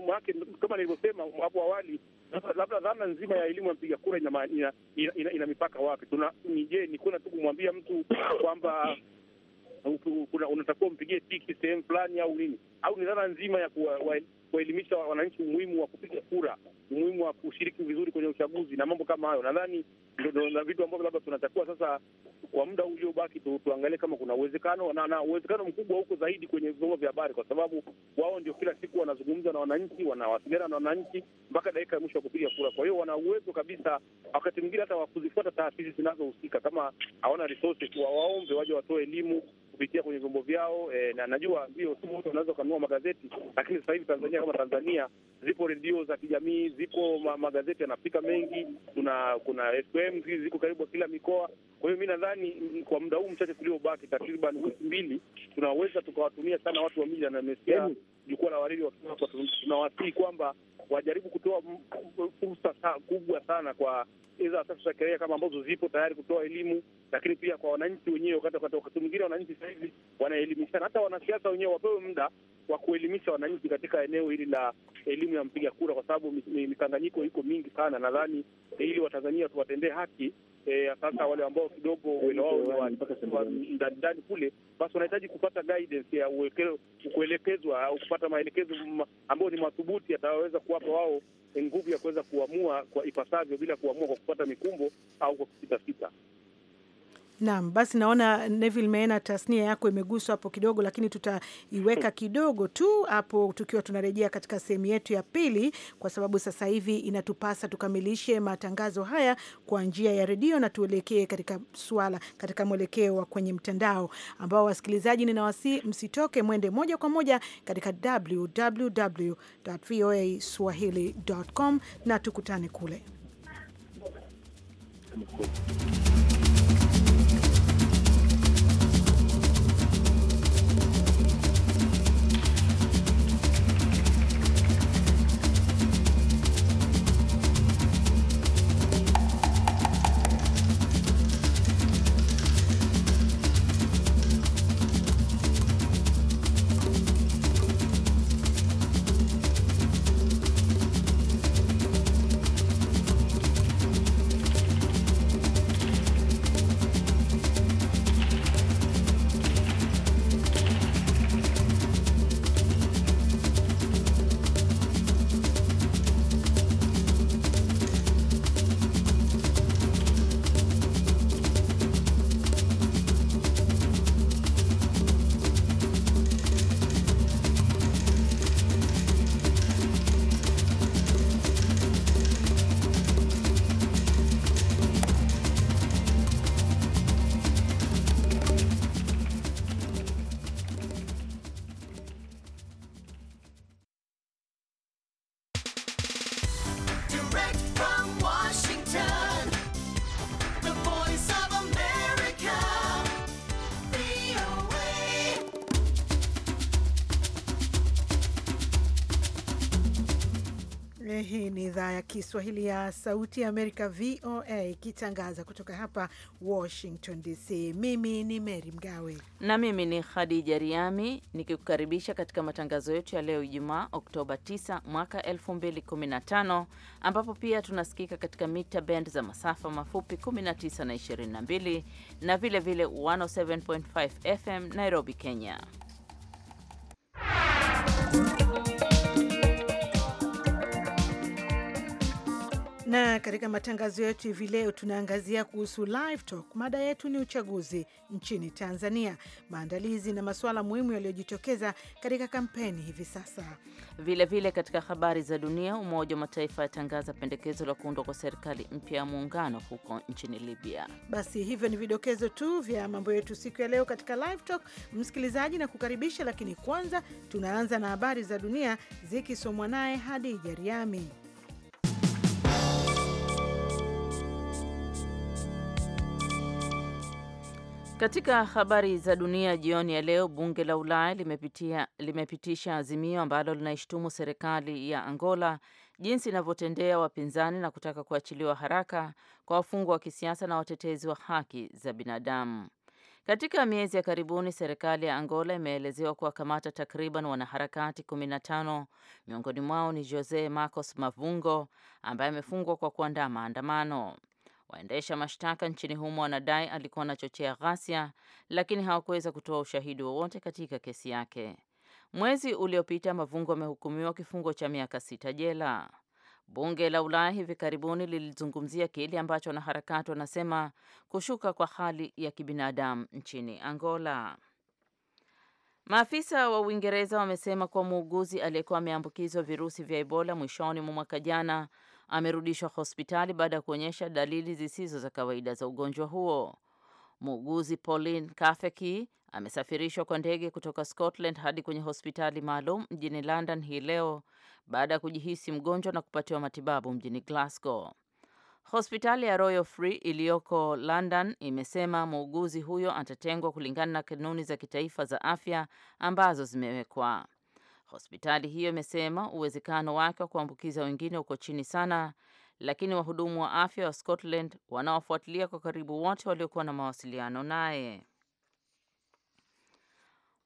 mwake, kama nilivyosema hapo awali, labda dhana nzima ya elimu ya mpiga kura ina, ina, ina, ina mipaka wapi? Tuna nije ni kuna tu kumwambia mtu kwamba unatakiwa umpigie tiki sehemu fulani au nini, au ni dhana nzima ya kuwa kuwaelimisha wananchi umuhimu wa kupiga kura, umuhimu wa kushiriki vizuri kwenye uchaguzi na mambo kama hayo. Nadhani ndo na vitu ambavyo labda tunatakiwa sasa, kwa muda uliobaki tu, tuangalie kama kuna uwezekano na, na uwezekano mkubwa huko zaidi kwenye vyombo vya habari, kwa sababu wao ndio kila siku wanazungumza na wananchi, wanawasiliana na wananchi mpaka dakika ya mwisho wa kupiga kura. Kwa hiyo wana uwezo kabisa, wakati mwingine hata wa kuzifuata taasisi zinazohusika. Kama hawana resources, wawaombe waje watoe elimu kupitia kwenye vyombo vyao e, na najua ndio tu watu wanaweza kununua magazeti, lakini sasa hivi Tanzania kama Tanzania zipo redio za kijamii, zipo ma, magazeti yanafika mengi, kuna kuna FM ziko karibu kila mikoa. Kwa hiyo mi nadhani kwa muda huu mchache tuliobaki, takriban wiki mbili, tunaweza tukawatumia sana watu wa miji na nimesikia jukwaa la wariri tunawasihi kwamba wajaribu kutoa fursa kubwa sana kwa iza asasi za kiraia kama ambazo zipo tayari kutoa elimu, lakini pia kwa wananchi wenyewe. Wakati mwingine wananchi sahizi wanaelimishana, hata wanasiasa wenyewe wapewe muda wa kuelimisha wananchi katika eneo hili la elimu ya mpiga kura, kwa sababu mikanganyiko iko mingi sana. Nadhani ili Watanzania tuwatendee haki eh, sasa wale ambao kidogo uelewa yaani wao ni ndani ndani kule, basi wanahitaji kupata guidance ya kuelekezwa au kupata maelekezo ambayo ni madhubuti yatawaweza kuwapa wao nguvu ya kuweza kuamua kwa ipasavyo bila kuamua kwa kupata mikumbo au kwa kusitasita. Naam, basi naona Neville Meena, tasnia yako imeguswa hapo kidogo, lakini tutaiweka hmm. kidogo tu hapo tukiwa tunarejea katika sehemu yetu ya pili, kwa sababu sasa hivi inatupasa tukamilishe matangazo haya kwa njia ya redio na tuelekee katika swala, katika mwelekeo wa kwenye mtandao, ambao wasikilizaji, ninawasi msitoke, mwende moja kwa moja katika www.voaswahili.com na tukutane kule. Hii ni idhaa ya Kiswahili ya Sauti ya Amerika, VOA, ikitangaza kutoka hapa Washington DC. Mimi ni Mary Mgawe na mimi ni Khadija Riami, nikikukaribisha katika matangazo yetu ya leo Ijumaa, Oktoba 9 mwaka 2015, ambapo pia tunasikika katika mita bend za masafa mafupi 19 na 22 na vilevile 107.5 FM Nairobi, Kenya. na katika matangazo yetu hivi leo tunaangazia kuhusu live talk. Mada yetu ni uchaguzi nchini Tanzania, maandalizi na masuala muhimu yaliyojitokeza katika kampeni hivi sasa. Vilevile vile katika habari za dunia, Umoja wa Mataifa yatangaza pendekezo la kuundwa kwa serikali mpya ya muungano huko nchini Libya. Basi hivyo ni vidokezo tu vya mambo yetu siku ya leo katika live talk, msikilizaji na kukaribisha. Lakini kwanza tunaanza na habari za dunia zikisomwa naye Hadija Riami. Katika habari za dunia jioni ya leo, bunge la Ulaya limepitia, limepitisha azimio ambalo linaishtumu serikali ya Angola jinsi inavyotendea wapinzani na kutaka kuachiliwa haraka kwa wafungwa wa kisiasa na watetezi wa haki za binadamu. Katika miezi ya karibuni serikali ya Angola imeelezewa kuwakamata takriban wanaharakati 15 miongoni mwao ni Jose Marcos Mavungo ambaye amefungwa kwa kuandaa maandamano. Waendesha mashtaka nchini humo wanadai alikuwa anachochea ghasia, lakini hawakuweza kutoa ushahidi wowote katika kesi yake. Mwezi uliopita, Mavungo amehukumiwa kifungo cha miaka sita jela. Bunge la Ulaya hivi karibuni lilizungumzia kile ambacho wanaharakati wanasema kushuka kwa hali ya kibinadamu nchini Angola. Maafisa wa Uingereza wamesema kuwa muuguzi aliyekuwa ameambukizwa virusi vya Ebola mwishoni mwa mwaka jana amerudishwa hospitali baada ya kuonyesha dalili zisizo za kawaida za ugonjwa huo. Muuguzi Pauline Kafeki amesafirishwa kwa ndege kutoka Scotland hadi kwenye hospitali maalum mjini London hii leo baada ya kujihisi mgonjwa na kupatiwa matibabu mjini Glasgow. Hospitali ya Royal Free iliyoko London imesema muuguzi huyo atatengwa kulingana na kanuni za kitaifa za afya ambazo zimewekwa. Hospitali hiyo imesema uwezekano wake wa kuambukiza wengine uko chini sana, lakini wahudumu wa afya wa Scotland wanaofuatilia kwa karibu wote waliokuwa na mawasiliano naye.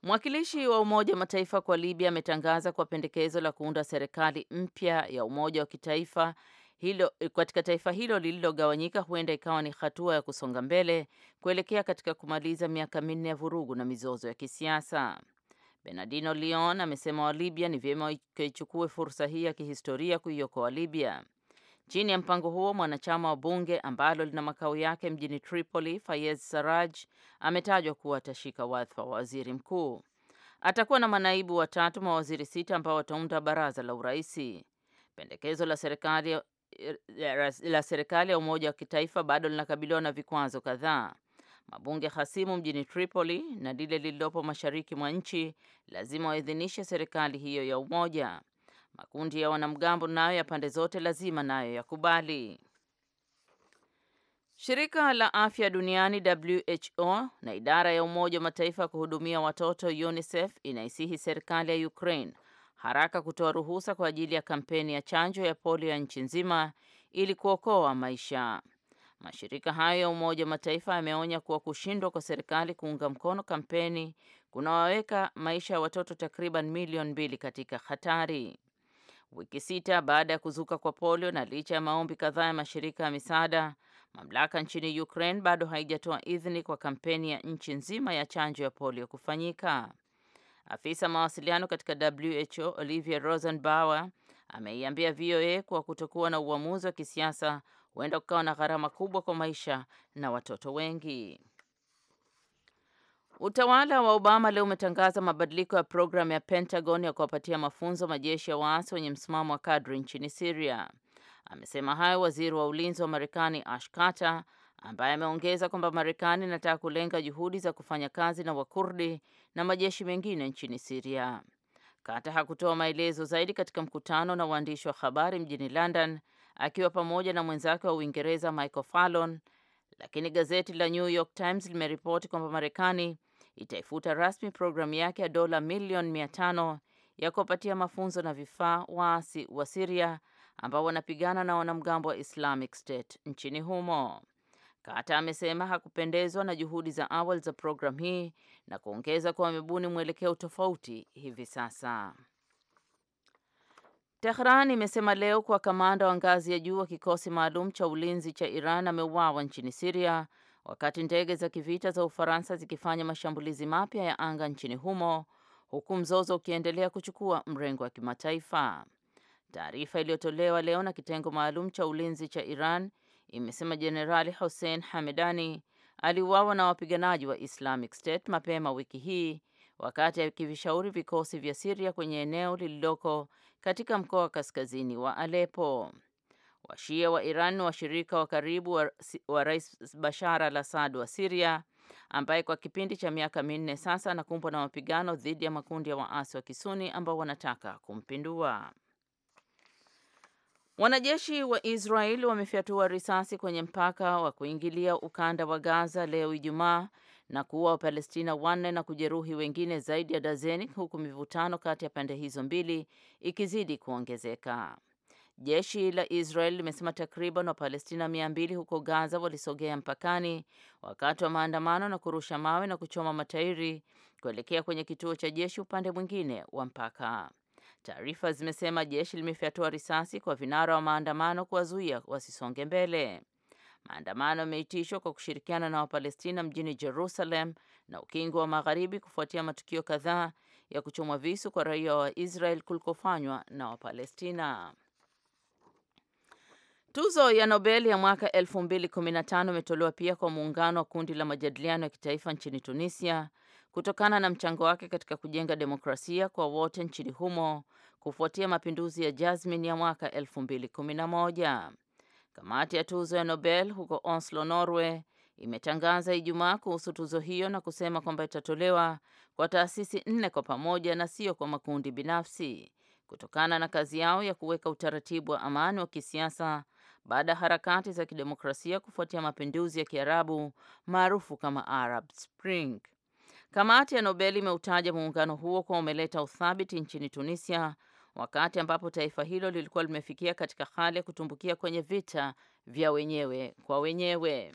Mwakilishi wa Umoja wa Mataifa kwa Libya ametangaza kwa pendekezo la kuunda serikali mpya ya umoja wa kitaifa hilo katika taifa hilo lililogawanyika huenda ikawa ni hatua ya kusonga mbele kuelekea katika kumaliza miaka minne ya vurugu na mizozo ya kisiasa. Bernardino Leon amesema wa libya ni vyema wakaichukue fursa hii ya kihistoria kuiokoa Libya. Chini ya mpango huo, mwanachama wa bunge ambalo lina makao yake mjini Tripoli, Fayez Sarraj ametajwa kuwa atashika wadhifa wa waziri mkuu. Atakuwa na manaibu watatu, mawaziri sita ambao wataunda baraza la uraisi. Pendekezo la serikali la serikali ya umoja wa kitaifa bado linakabiliwa na vikwazo kadhaa. Mabunge hasimu mjini Tripoli na lile lililopo mashariki mwa nchi lazima waidhinishe serikali hiyo ya umoja. Makundi ya wanamgambo nayo ya pande zote lazima nayo yakubali. Shirika la Afya Duniani WHO na idara ya Umoja wa Mataifa ya kuhudumia watoto UNICEF inaisihi serikali ya Ukraine haraka kutoa ruhusa kwa ajili ya kampeni ya chanjo ya polio ya nchi nzima ili kuokoa maisha. Mashirika hayo ya Umoja wa Mataifa yameonya kuwa kushindwa kwa serikali kuunga mkono kampeni kunawaweka maisha ya watoto takriban milioni mbili katika hatari. Wiki sita baada ya kuzuka kwa polio na licha ya maombi kadhaa ya mashirika ya misaada, mamlaka nchini Ukraine bado haijatoa idhini kwa kampeni ya nchi nzima ya chanjo ya polio kufanyika. Afisa mawasiliano katika WHO Olivia Rosenbauer ameiambia VOA kuwa kutokuwa na uamuzi wa kisiasa huenda kukawa na gharama kubwa kwa maisha na watoto wengi. Utawala wa Obama leo umetangaza mabadiliko ya programu ya Pentagon ya kuwapatia mafunzo majeshi ya waasi wenye msimamo wa kadri nchini siria Amesema hayo waziri wa ulinzi wa Marekani Ash Carter, ambaye ameongeza kwamba Marekani inataka kulenga juhudi za kufanya kazi na Wakurdi na majeshi mengine nchini siria Carter hakutoa maelezo zaidi katika mkutano na waandishi wa habari mjini London akiwa pamoja na mwenzake wa Uingereza Michael Fallon, lakini gazeti la New York Times limeripoti kwamba Marekani itaifuta rasmi programu yake ya dola milioni 5 ya kuwapatia mafunzo na vifaa waasi wa Siria ambao wanapigana na wanamgambo wa Islamic State nchini humo. Kata amesema hakupendezwa na juhudi za awali za programu hii na kuongeza kuwa wamebuni mwelekeo tofauti hivi sasa. Tehran imesema leo kuwa kamanda wa ngazi ya juu wa kikosi maalum cha ulinzi cha Iran ameuawa nchini Siria wakati ndege za kivita za Ufaransa zikifanya mashambulizi mapya ya anga nchini humo huku mzozo ukiendelea kuchukua mrengo wa kimataifa. Taarifa iliyotolewa leo na kitengo maalum cha ulinzi cha Iran imesema Jenerali Hussein Hamedani aliuawa na wapiganaji wa Islamic State mapema wiki hii wakati akivishauri vikosi vya Siria kwenye eneo lililoko katika mkoa wa kaskazini wa Aleppo. Washia wa Iran ni washirika wa karibu wa, wa Rais Bashar al-Assad wa Syria ambaye kwa kipindi cha miaka minne sasa anakumbwa na mapigano dhidi ya makundi ya waasi wa Kisuni ambao wanataka kumpindua. Wanajeshi wa Israeli wamefyatua risasi kwenye mpaka wa kuingilia ukanda wa Gaza leo Ijumaa na kuua Wapalestina wanne na kujeruhi wengine zaidi ya dazeni huku mivutano kati ya pande hizo mbili ikizidi kuongezeka. Jeshi la Israel limesema takriban Wapalestina mia mbili huko Gaza walisogea mpakani wakati wa maandamano na kurusha mawe na kuchoma matairi kuelekea kwenye kituo cha jeshi upande mwingine wa mpaka. Taarifa zimesema jeshi limefyatua risasi kwa vinara wa maandamano kuwazuia wasisonge mbele. Maandamano yameitishwa kwa kushirikiana na Wapalestina mjini Jerusalem na Ukingo wa Magharibi kufuatia matukio kadhaa ya kuchomwa visu kwa raia wa Israel kulikofanywa na Wapalestina. Tuzo ya Nobel ya mwaka 2015 imetolewa pia kwa muungano wa kundi la majadiliano ya kitaifa nchini Tunisia kutokana na mchango wake katika kujenga demokrasia kwa wote nchini humo kufuatia mapinduzi ya Jasmin ya mwaka 2011. Kamati ya tuzo ya Nobel huko Oslo, Norway imetangaza Ijumaa kuhusu tuzo hiyo na kusema kwamba itatolewa kwa taasisi nne kwa pamoja na sio kwa makundi binafsi kutokana na kazi yao ya kuweka utaratibu wa amani wa kisiasa baada ya harakati za kidemokrasia kufuatia mapinduzi ya Kiarabu maarufu kama Arab Spring. Kamati ya Nobel imeutaja muungano huo kwa umeleta uthabiti nchini Tunisia wakati ambapo taifa hilo lilikuwa limefikia katika hali ya kutumbukia kwenye vita vya wenyewe kwa wenyewe.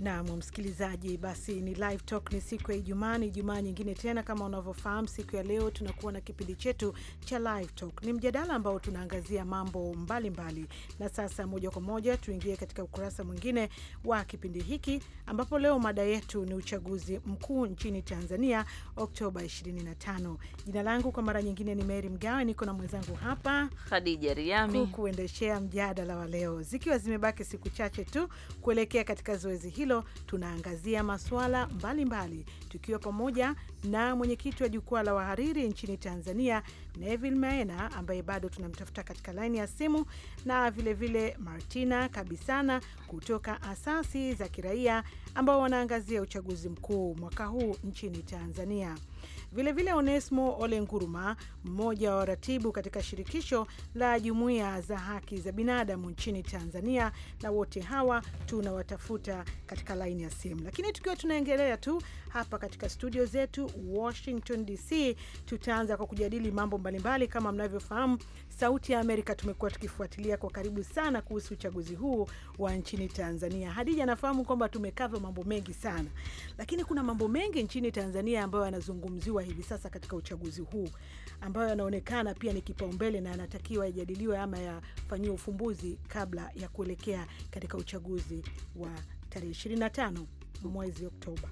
Nam msikilizaji, basi ni Live Talk, ni siku ya Ijumaa, ni Ijumaa nyingine tena. Kama unavyofahamu, siku ya leo tunakuwa na kipindi chetu cha Live Talk, ni mjadala ambao tunaangazia mambo mbalimbali mbali. Na sasa moja kwa moja tuingie katika ukurasa mwingine wa kipindi hiki ambapo leo mada yetu ni uchaguzi mkuu nchini Tanzania Oktoba 25. Jina langu kwa mara nyingine ni Mary Mgawe, niko na mwenzangu hapa Khadija Riami kuendeshea mjadala wa leo, zikiwa zimebaki siku chache tu kuelekea katika zoezi hilo hilo tunaangazia masuala mbalimbali, tukiwa pamoja na mwenyekiti wa jukwaa la wahariri nchini Tanzania, nevil Maena, ambaye bado tunamtafuta katika laini ya simu, na vilevile vile Martina Kabisana kutoka asasi za kiraia ambao wanaangazia uchaguzi mkuu mwaka huu nchini Tanzania. Vilevile Onesmo Ole Nguruma, mmoja wa waratibu katika shirikisho la jumuiya za haki za binadamu nchini Tanzania, na wote hawa tunawatafuta katika laini ya simu. Lakini tukiwa tunaendelea tu, hapa katika studio zetu Washington DC. Tutaanza kwa kujadili mambo mbalimbali. Kama mnavyofahamu, Sauti ya Amerika tumekuwa tukifuatilia kwa karibu sana kuhusu uchaguzi huu wa nchini Tanzania. Hadija nafahamu kwamba tumekava mambo mengi sana, lakini kuna mambo mengi nchini Tanzania ambayo yanazungumziwa hivi sasa katika uchaguzi huu ambayo yanaonekana pia ni kipaumbele na yanatakiwa yajadiliwe ama yafanyiwe ufumbuzi kabla ya kuelekea katika uchaguzi wa tarehe 25 mwezi Oktoba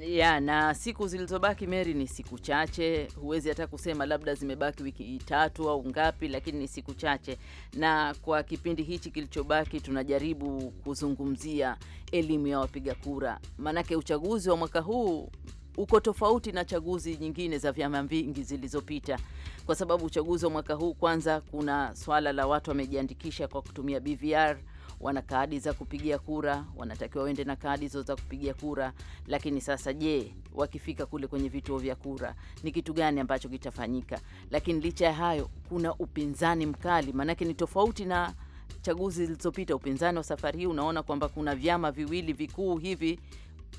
ya na siku zilizobaki meri ni siku chache, huwezi hata kusema labda zimebaki wiki tatu au ngapi, lakini ni siku chache. Na kwa kipindi hichi kilichobaki, tunajaribu kuzungumzia elimu ya wapiga kura, maanake uchaguzi wa mwaka huu uko tofauti na chaguzi nyingine za vyama vingi zilizopita, kwa sababu uchaguzi wa mwaka huu kwanza, kuna swala la watu wamejiandikisha kwa kutumia BVR wana kadi za kupigia kura, wanatakiwa waende na kadi hizo za kupigia kura. Lakini sasa, je, wakifika kule kwenye vituo vya kura ni kitu gani ambacho kitafanyika? Lakini licha ya hayo, kuna upinzani mkali, maanake ni tofauti na chaguzi zilizopita. Upinzani wa safari hii unaona kwamba kuna vyama viwili vikuu hivi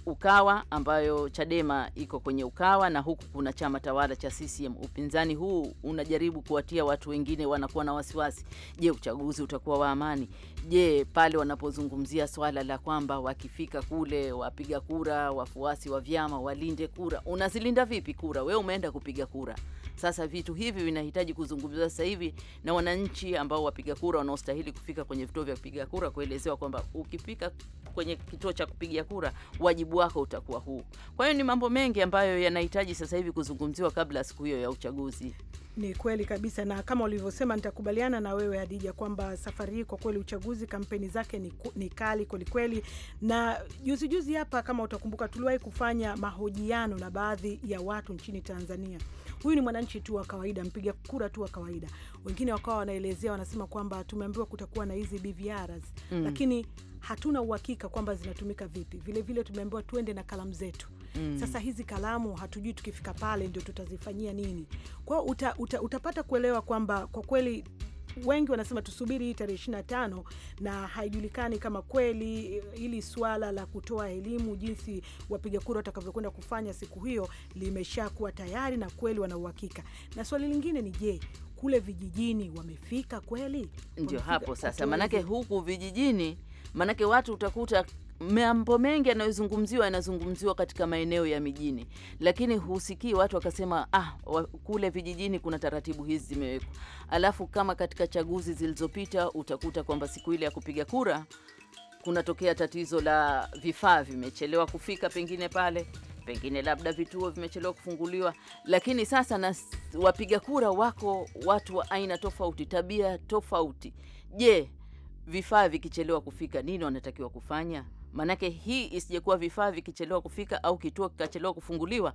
Ukawa ambayo Chadema iko kwenye Ukawa na huku kuna chama tawala cha CCM. Upinzani huu unajaribu kuwatia watu wengine, wanakuwa na wasiwasi. Je, uchaguzi utakuwa wa amani? Je, pale wanapozungumzia swala la kwamba wakifika kule wapiga kura, wafuasi wa vyama walinde kura, unazilinda vipi kura? Wewe umeenda kupiga kura. Sasa vitu hivi vinahitaji kuzungumziwa sasa hivi na wananchi ambao wapiga kura wanaostahili kufika kwenye vituo vya kupiga kura, kuelezewa kwamba ukifika kwenye kituo cha kupiga kura wajibu wako utakuwa huu. Kwa hiyo ni mambo mengi ambayo yanahitaji sasa hivi kuzungumziwa kabla siku hiyo ya uchaguzi. Ni kweli kabisa, na kama ulivyosema, nitakubaliana na wewe Hadija kwamba safari hii kwa kweli uchaguzi kampeni zake ni, ni kali kwelikweli. Na juzijuzi juzi hapa, kama utakumbuka, tuliwahi kufanya mahojiano na baadhi ya watu nchini Tanzania. Huyu ni mwananchi tu wa kawaida, mpiga kura tu wa kawaida. Wengine wakawa wanaelezea, wanasema kwamba tumeambiwa kutakuwa na hizi BVRs mm, lakini hatuna uhakika kwamba zinatumika vipi. Vilevile tumeambiwa tuende na kalamu zetu Mm. Sasa hizi kalamu hatujui tukifika pale ndio tutazifanyia nini. kwao. uta, uta, utapata kuelewa kwamba kwa kweli wengi wanasema tusubiri hii tarehe ishirini na tano na haijulikani kama kweli eh, hili swala la kutoa elimu jinsi wapiga kura watakavyokwenda kufanya siku hiyo limeshakuwa tayari na kweli wana uhakika. Na swali lingine ni je, kule vijijini wamefika kweli? Ndio hapo sasa, manake huku vijijini, manake watu utakuta mambo mengi yanayozungumziwa yanazungumziwa katika maeneo ya mijini, lakini husikii watu wakasema ah, kule vijijini kuna taratibu hizi zimewekwa. Alafu kama katika chaguzi zilizopita utakuta kwamba siku ile ya kupiga kura kunatokea tatizo la vifaa vimechelewa kufika pengine pale pengine labda vituo vimechelewa kufunguliwa, lakini sasa na wapiga kura wako watu wa aina tofauti, tabia tofauti. Je, vifaa vikichelewa kufika, nini wanatakiwa kufanya? Maanake hii isijekuwa vifaa vikichelewa kufika au kituo kikachelewa kufunguliwa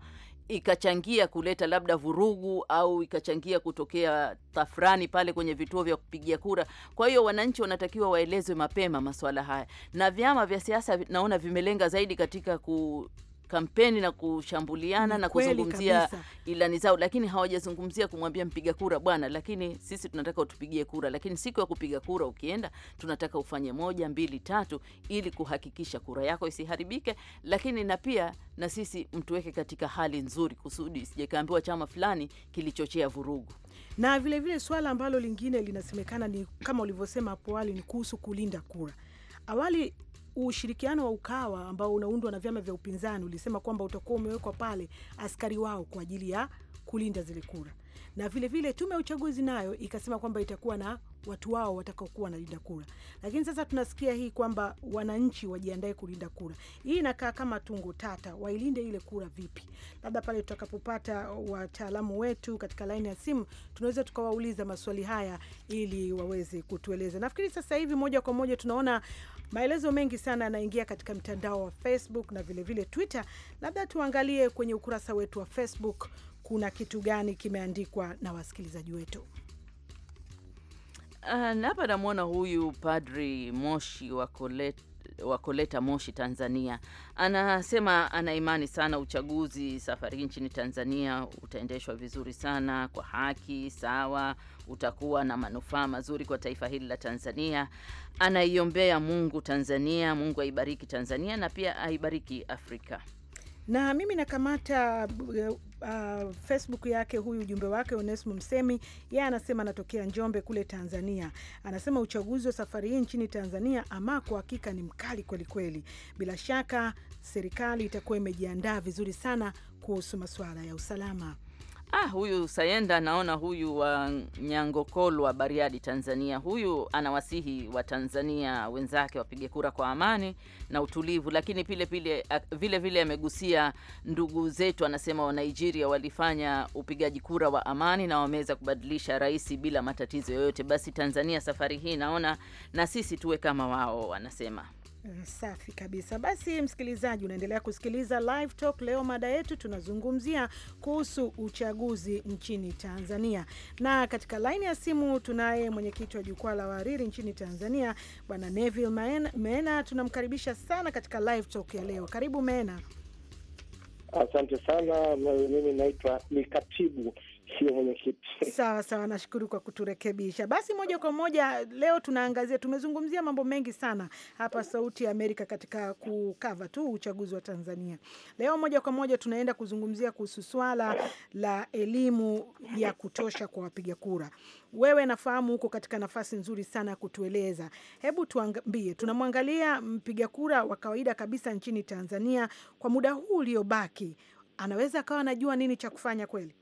ikachangia kuleta labda vurugu au ikachangia kutokea tafrani pale kwenye vituo vya kupigia kura. Kwa hiyo wananchi wanatakiwa waelezwe mapema masuala haya, na vyama vya siasa naona vimelenga zaidi katika ku kampeni na kushambuliana na kuzungumzia ilani zao, lakini hawajazungumzia kumwambia mpiga kura, bwana, lakini sisi tunataka utupigie kura, lakini siku ya kupiga kura ukienda, tunataka ufanye moja, mbili, tatu, ili kuhakikisha kura yako isiharibike, lakini na pia na sisi mtuweke katika hali nzuri, kusudi sijakaambiwa chama fulani kilichochea vurugu. Na vilevile vile swala ambalo lingine linasemekana ni kama ulivyosema hapo awali, ni kuhusu kulinda kura. Awali ushirikiano wa Ukawa ambao unaundwa na vyama vya upinzani ulisema kwamba utakuwa umewekwa pale askari wao kwa ajili ya kulinda zile kura, na vilevile tume ya uchaguzi nayo ikasema kwamba itakuwa na watu wao watakaokuwa wanalinda kura. Lakini sasa tunasikia hii kwamba wananchi wajiandae kulinda kura. Hii inakaa kama tungo tata, wailinde ile kura vipi? Labda pale tutakapopata wataalamu wetu katika laini ya simu, tunaweza tukawauliza maswali haya ili waweze kutueleza. Nafikiri sasa hivi moja kwa moja tunaona Maelezo mengi sana yanaingia katika mtandao wa Facebook na vilevile vile Twitter. Labda tuangalie kwenye ukurasa wetu wa Facebook kuna kitu gani kimeandikwa na wasikilizaji wetu. Uh, namwona huyu Padri Moshi wa Koleta wa Koleta Moshi, Tanzania, anasema ana imani sana uchaguzi safari nchini Tanzania utaendeshwa vizuri sana kwa haki sawa, utakuwa na manufaa mazuri kwa taifa hili la Tanzania. Anaiombea Mungu Tanzania, Mungu aibariki Tanzania na pia aibariki Afrika na mimi nakamata Uh, Facebook yake huyu ujumbe wake Onesmo Msemi, yeye anasema anatokea Njombe kule Tanzania. Anasema uchaguzi wa safari hii nchini Tanzania ama kwa hakika ni mkali kweli kweli. Bila shaka serikali itakuwa imejiandaa vizuri sana kuhusu masuala ya usalama. Ah, huyu Sayenda naona huyu wa Nyangokolwa Bariadi, Tanzania. Huyu anawasihi Watanzania wenzake wapige kura kwa amani na utulivu, lakini pile pile vile vile amegusia ndugu zetu, anasema wa Nigeria walifanya upigaji kura wa amani na wameweza kubadilisha rais bila matatizo yoyote. Basi Tanzania safari hii naona na sisi tuwe kama wao, anasema. Mm, safi kabisa. Basi msikilizaji, unaendelea kusikiliza Live Talk. Leo mada yetu tunazungumzia kuhusu uchaguzi nchini Tanzania, na katika laini ya simu tunaye mwenyekiti wa jukwaa la wahariri nchini Tanzania, Bwana Neville mena Tunamkaribisha sana katika Live Talk ya leo. Karibu mena Asante sana. Mimi naitwa ni katibu sio Sawa sawa, nashukuru kwa kuturekebisha. Basi moja kwa moja leo tunaangazia, tumezungumzia mambo mengi sana hapa Sauti ya Amerika katika kukava tu uchaguzi wa Tanzania. Leo moja kwa moja tunaenda kuzungumzia kuhusu swala la elimu ya kutosha kwa wapiga kura. Wewe nafahamu huko katika nafasi nzuri sana ya kutueleza. Hebu tuambie, tunamwangalia mpiga kura wa kawaida kabisa nchini Tanzania kwa muda huu uliobaki, anaweza akawa anajua nini cha kufanya kweli?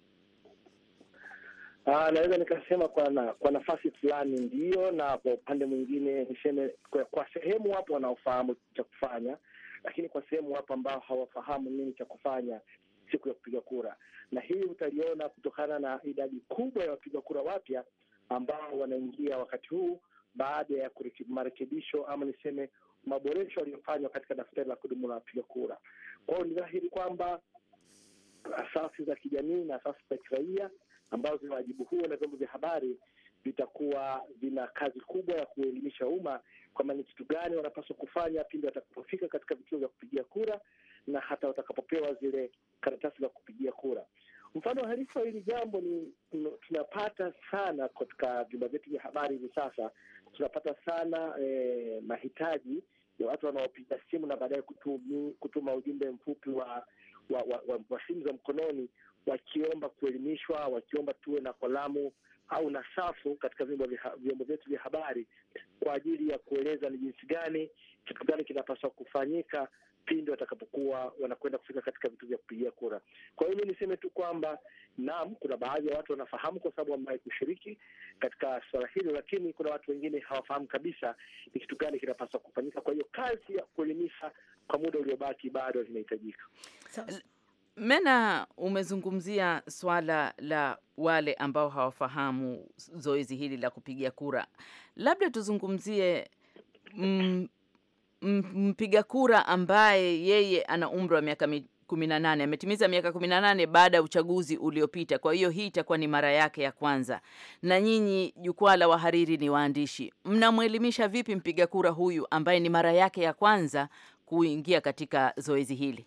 Uh, naweza nikasema kwa na, kwa nafasi fulani ndio na kwa upande mwingine niseme kwa, kwa sehemu wapo wanaofahamu cha kufanya, lakini kwa sehemu wapo ambao hawafahamu nini cha kufanya siku ya kupiga kura, na hii utaliona kutokana na idadi kubwa ya wapiga kura wapya ambao wanaingia wakati huu baada ya marekebisho ama niseme maboresho yaliyofanywa katika daftari la kudumu la wapiga kura. Kwao ni dhahiri kwamba asasi za kijamii na asasi za kiraia ambazo wajibu huo na vyombo vya habari vitakuwa vina kazi kubwa ya kuelimisha umma kwamba ni kitu gani wanapaswa kufanya pindi watakapofika katika vituo vya kupigia kura na hata watakapopewa zile karatasi za kupigia kura. Mfano halisi wa hili jambo ni tunapata sana katika vyumba vyetu vya habari hivi sasa, tunapata sana eh, mahitaji ya watu wanaopiga simu na baadaye kutuma ujumbe mfupi wa wa, wa, wa, wa simu za mkononi wakiomba kuelimishwa, wakiomba tuwe na kalamu au na safu katika vyombo vyetu vya habari kwa ajili ya kueleza ni jinsi gani, kitu gani kinapaswa kufanyika pindi watakapokuwa wanakwenda kufika katika vituo vya kupigia kura. Kwa hiyo mi niseme tu kwamba naam, kuna baadhi ya watu wanafahamu kwa sababu wamewahi kushiriki katika swala hilo, lakini kuna watu wengine hawafahamu kabisa ni kitu gani kinapaswa kufanyika. Kwa hiyo kazi ya kuelimisha kwa muda uliobaki bado zinahitajika. Mena, umezungumzia swala la wale ambao hawafahamu zoezi hili la kupiga kura. Labda tuzungumzie mm, mpiga kura ambaye yeye ana umri wa miaka mi na ametimiza miaka kumi na nane baada ya uchaguzi uliopita. Kwa hiyo hii itakuwa ni mara yake ya kwanza, na nyinyi jukwaa la wahariri ni waandishi, mnamwelimisha vipi mpiga kura huyu ambaye ni mara yake ya kwanza kuingia katika zoezi hili?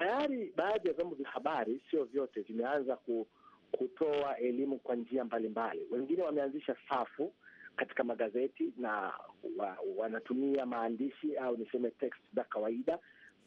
Tayari baadhi ya vyombo vya habari, sio vyote, vimeanza ku, kutoa elimu kwa njia mbalimbali. Wengine wameanzisha safu katika magazeti na wa, wanatumia maandishi au niseme text za kawaida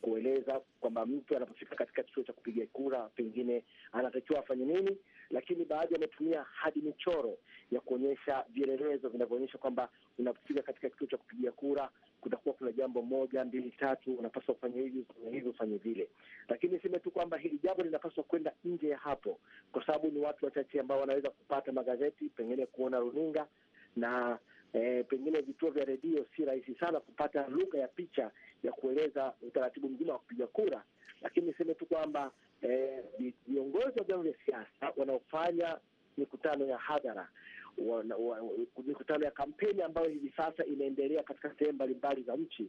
kueleza kwamba mtu anapofika katika kituo cha kupiga kura, pengine anatakiwa afanye nini lakini baadhi wametumia hadi michoro ya kuonyesha vielelezo vinavyoonyesha kwamba unapofika katika kituo cha kupigia kura kutakuwa kuna jambo moja mbili tatu, unapaswa kufanya hivi, ufanye hivi, ufanye vile. Lakini niseme tu kwamba hili jambo linapaswa kwenda nje ya hapo, kwa sababu ni watu wachache ambao wanaweza kupata magazeti, pengine kuona runinga na e, pengine vituo vya redio si rahisi sana kupata lugha ya picha ya kueleza utaratibu mzima wa kupiga kura lakini niseme tu kwamba eh, viongozi eh, wa vyama vya siasa wanaofanya mikutano ya hadhara wana, wana, mikutano ya kampeni ambayo hivi sasa inaendelea katika sehemu mbalimbali za nchi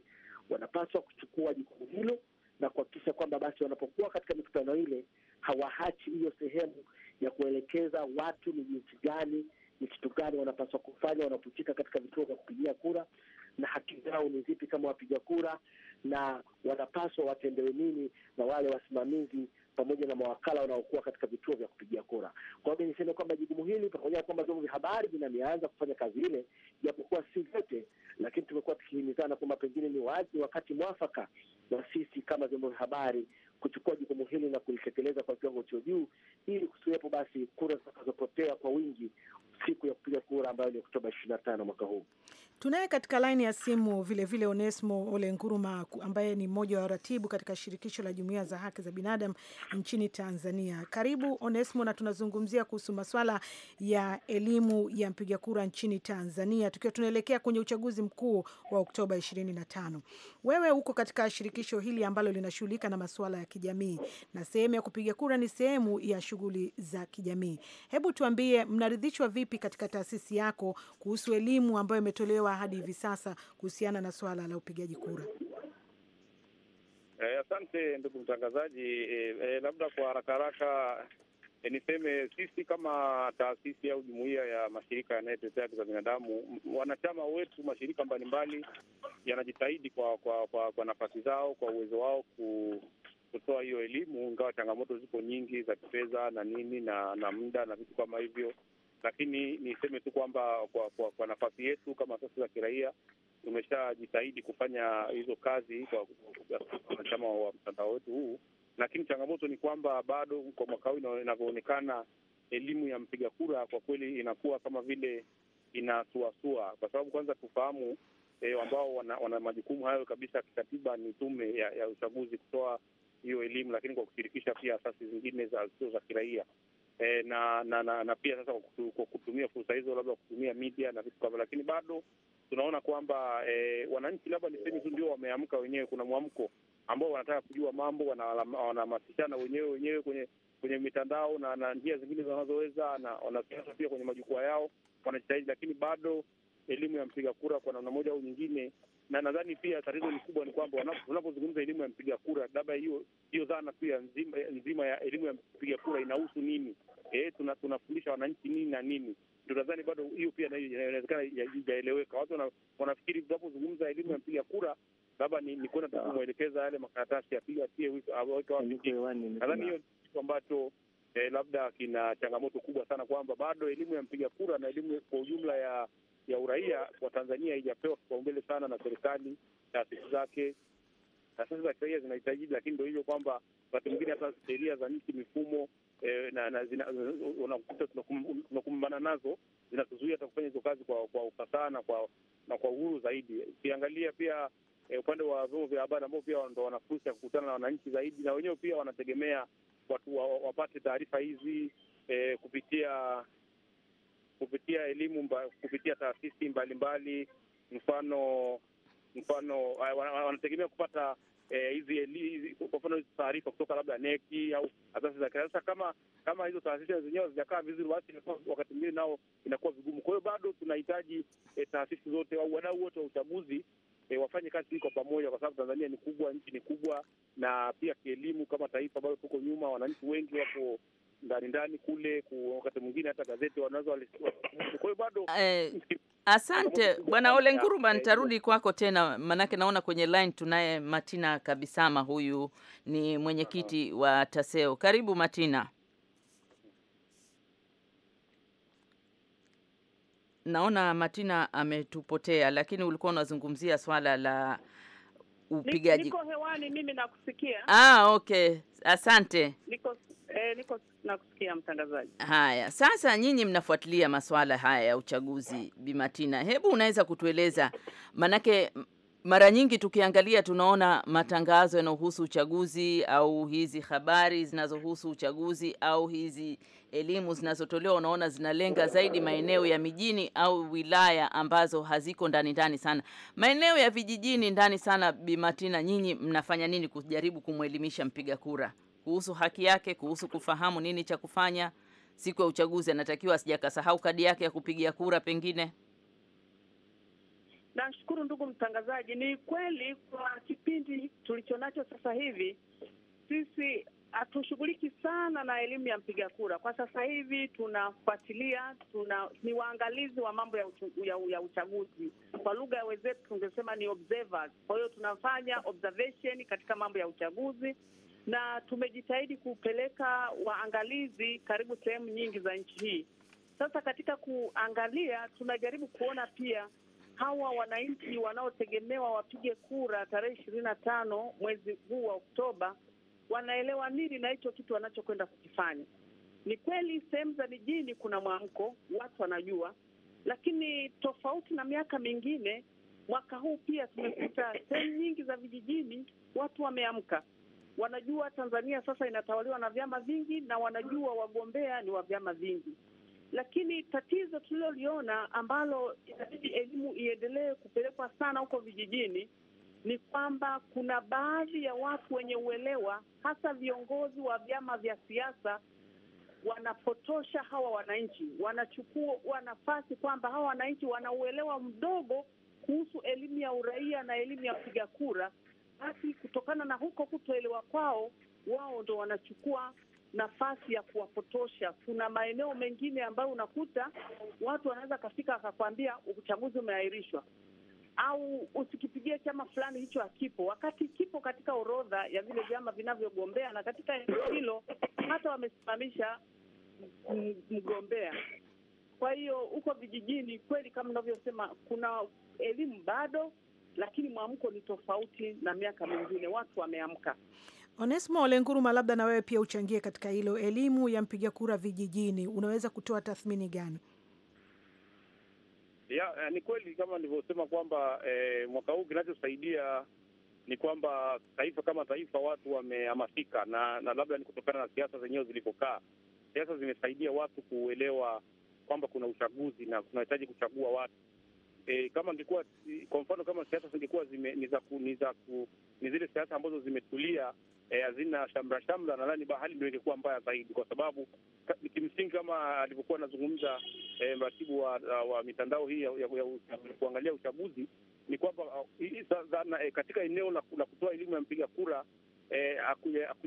wanapaswa kuchukua jukumu hilo na kuhakikisha kwamba basi wanapokuwa katika mikutano ile hawahachi hiyo sehemu ya kuelekeza watu ni jinsi gani, ni kitu gani wanapaswa kufanya wanapofika katika vituo vya kupigia kura, na haki zao ni zipi kama wapiga kura, na wanapaswa watendewe nini na wale wasimamizi pamoja na mawakala wanaokuwa katika vituo vya kupigia kura. Kwa hiyo niseme kwamba jukumu hili pamoja na kwamba vyombo vya habari vinameanza kufanya kazi ile, japokuwa si vyote, lakini tumekuwa tukihimizana kwamba pengine ni wazi wakati mwafaka na sisi kama vyombo vya habari kuchukua jukumu hili na kulitekeleza kwa kiwango cha juu, ili kusiwepo basi kura zitakazopotea kwa wingi siku ya kupiga kura ambayo ni Oktoba ishirini na tano mwaka huu. Tunaye katika laini ya simu vilevile vile Onesmo Ole Nguruma ambaye ni mmoja wa waratibu katika shirikisho la jumuiya za haki za binadamu nchini Tanzania. Karibu Onesmo, na tunazungumzia kuhusu maswala ya elimu ya mpiga kura nchini Tanzania tukiwa tunaelekea kwenye uchaguzi mkuu wa Oktoba 25. Wewe uko katika shirikisho hili ambalo linashughulika na maswala ya kijamii na sehemu ya kupiga kura ni sehemu ya shughuli za kijamii. Hebu tuambie, mnaridhishwa vipi katika taasisi yako kuhusu elimu ambayo imetolewa kutolewa hadi hivi sasa kuhusiana na suala la upigaji kura? Eh, asante ndugu mtangazaji. Eh, eh, labda kwa haraka haraka eh, niseme sisi kama taasisi au jumuiya ya mashirika yanayotetea haki za binadamu, wanachama wetu mashirika mbalimbali yanajitahidi kwa kwa, kwa, kwa nafasi zao kwa uwezo wao ku kutoa hiyo elimu, ingawa changamoto ziko nyingi za kifedha na nini na na muda na vitu kama hivyo, lakini niseme tu kwamba kwa, kwa, kwa nafasi yetu kama asasi za kiraia tumeshajitahidi kufanya hizo kazi kwa wanachama wa mtandao wetu huu, lakini changamoto ni kwamba bado kwa mwaka huu inavyoonekana, elimu ya mpiga kura kwa kweli inakuwa kama vile inasuasua, kwa sababu kwanza tufahamu eh, ambao wana, wana majukumu hayo kabisa kikatiba ni tume ya, ya uchaguzi kutoa hiyo elimu, lakini kwa kushirikisha pia asasi zingine za sio za kiraia e, na, na, na na pia sasa kwa kutumia fursa hizo labda kutumia media na vitu kama, lakini bado tunaona kwamba e, wananchi labda niseme tu ndio wameamka wenyewe. Kuna mwamko ambao wanataka kujua mambo, wanahamasishana wenyewe wenyewe kwenye kwenye mitandao na, na njia zingine zinazoweza na wanasiasa pia kwenye majukwaa yao wanajitahidi, lakini bado elimu ya mpiga kura kwa namna moja au nyingine na nadhani pia tatizo ni kubwa ni kwamba unapozungumza elimu ya mpiga kura, labda hiyo hiyo dhana ya nzima, nzima ya elimu ya mpiga kura inahusu nini? E, tuna, tunafundisha wananchi nini na nini? Ndio nadhani bado hiyo pia nayo inawezekana haijaeleweka. Watu wanafikiri tunapozungumza elimu ya mpiga kura labda ni, ni kwenda ah. kumwelekeza yale makaratasi apiga wapi. Nadhani hiyo kitu ambacho eh, labda kina changamoto kubwa sana kwamba bado elimu ya mpiga kura na elimu kwa ujumla ya ya uraia wa Tanzania haijapewa kipaumbele sana na serikali, taasisi zake, taasisi za kiraia zinahitaji, lakini ndo hivyo kwamba wakati mwingine hata sheria za nchi, mifumo eh, na, na unakuta tunakumbana nazo zinatuzuia hata kufanya hizo kazi kwa kwa ufasaha na kwa na kwa uhuru zaidi. Ukiangalia pia eh, upande wa vyombo vya habari ambao pia ndo wana fursa ya kukutana na wananchi zaidi, na wenyewe pia wanategemea watu wapate taarifa hizi eh, kupitia kupitia elimu mba, kupitia taasisi mbalimbali mfano mfano ah, wanategemea kupata eh, hizi eh, kwa mfano hizi taarifa kutoka labda neki au asasi za kiraia. Sasa kama kama hizo taasisi zenyewe hazijakaa vizuri, basi wakati mwingine nao inakuwa vigumu. Kwa hiyo bado tunahitaji eh, taasisi zote au wadau wote wa uchaguzi e, wafanye kazi hii kwa pamoja, kwa sababu Tanzania ni kubwa, nchi ni kubwa, na pia kielimu kama taifa bado tuko nyuma. Wananchi wengi wapo ndani ndani kule, wakati mwingine hata gazeti wanaweza kwa hiyo bado eh. Asante Bwana Ole Nguruma, nitarudi kwako tena, manake naona kwenye line tunaye Matina Kabisama, huyu ni mwenyekiti wa Taseo. Karibu Matina. Naona Matina ametupotea, lakini ulikuwa unazungumzia swala la upigaji. Niko hewani mimi, nakusikia. Ah, okay, asante. Niko E, niko nakusikia mtangazaji. Haya, sasa nyinyi mnafuatilia masuala haya ya uchaguzi, Bimatina, hebu unaweza kutueleza, manake mara nyingi tukiangalia tunaona matangazo yanayohusu uchaguzi au hizi habari zinazohusu uchaguzi au hizi elimu zinazotolewa, unaona zinalenga zaidi maeneo ya mijini au wilaya ambazo haziko ndani ndani sana, maeneo ya vijijini ndani sana. Bimatina, nyinyi mnafanya nini kujaribu kumwelimisha mpiga kura? kuhusu haki yake, kuhusu kufahamu nini cha kufanya siku ya uchaguzi. Anatakiwa asijakasahau kadi yake ya kupigia kura pengine. Nashukuru ndugu mtangazaji. Ni kweli kwa kipindi tulichonacho sasa hivi sisi hatushughuliki sana na elimu ya mpiga kura. Kwa sasa hivi tunafuatilia, tuna ni waangalizi wa mambo ya, uchu, ya, ya uchaguzi. Kwa lugha ya wenzetu tungesema ni observers. Kwa hiyo tunafanya observation katika mambo ya uchaguzi, na tumejitahidi kupeleka waangalizi karibu sehemu nyingi za nchi hii. Sasa katika kuangalia, tunajaribu kuona pia hawa wananchi wanaotegemewa wapige kura tarehe ishirini na tano mwezi huu wa Oktoba wanaelewa nini na hicho kitu wanachokwenda kukifanya. Ni kweli sehemu za mijini kuna mwamko, watu wanajua, lakini tofauti na miaka mingine, mwaka huu pia tumekuta sehemu nyingi za vijijini watu wameamka wanajua Tanzania sasa inatawaliwa na vyama vingi na wanajua wagombea ni wa vyama vingi, lakini tatizo tuliloliona ambalo inabidi elimu iendelee kupelekwa sana huko vijijini ni kwamba kuna baadhi ya watu wenye uelewa, hasa viongozi wa vyama vya siasa, wanapotosha hawa wananchi, wanachukua nafasi kwamba hawa wananchi wana uelewa mdogo kuhusu elimu ya uraia na elimu ya kupiga kura basi kutokana na huko kutoelewa kwao, wao ndo wanachukua nafasi ya kuwapotosha. Kuna maeneo mengine ambayo unakuta watu wanaweza akafika akakwambia uchaguzi umeahirishwa au usikipigie chama fulani, hicho hakipo, wakati kipo katika orodha ya vile vyama vinavyogombea, na katika eneo hilo hata wamesimamisha mgombea. Kwa hiyo huko vijijini kweli, kama unavyosema, kuna elimu bado lakini mwamko ni tofauti na miaka mingine, watu wameamka. Onesmo Ole Nguruma, labda na wewe pia uchangie katika hilo. Elimu ya mpiga kura vijijini, unaweza kutoa tathmini gani? Ya, eh, ni kweli kama nilivyosema kwamba eh, mwaka huu kinachosaidia ni kwamba taifa kama taifa watu wamehamasika, na na labda ni kutokana na siasa zenyewe zilivyokaa. Siasa zimesaidia watu kuelewa kwamba kuna uchaguzi na kunahitaji kuchagua watu e, kama angekuwa kwa mfano kama siasa zingekuwa ni zile siasa ambazo zimetulia eh, hazina e, shamra shamra, nadhani hali ndio ingekuwa mbaya zaidi, kwa sababu kimsingi kama alivyokuwa anazungumza e, mratibu wa, wa mitandao hii ya, ya, ya, ya kuangalia uchaguzi ni kwamba e, katika eneo la kutoa elimu ya mpiga kura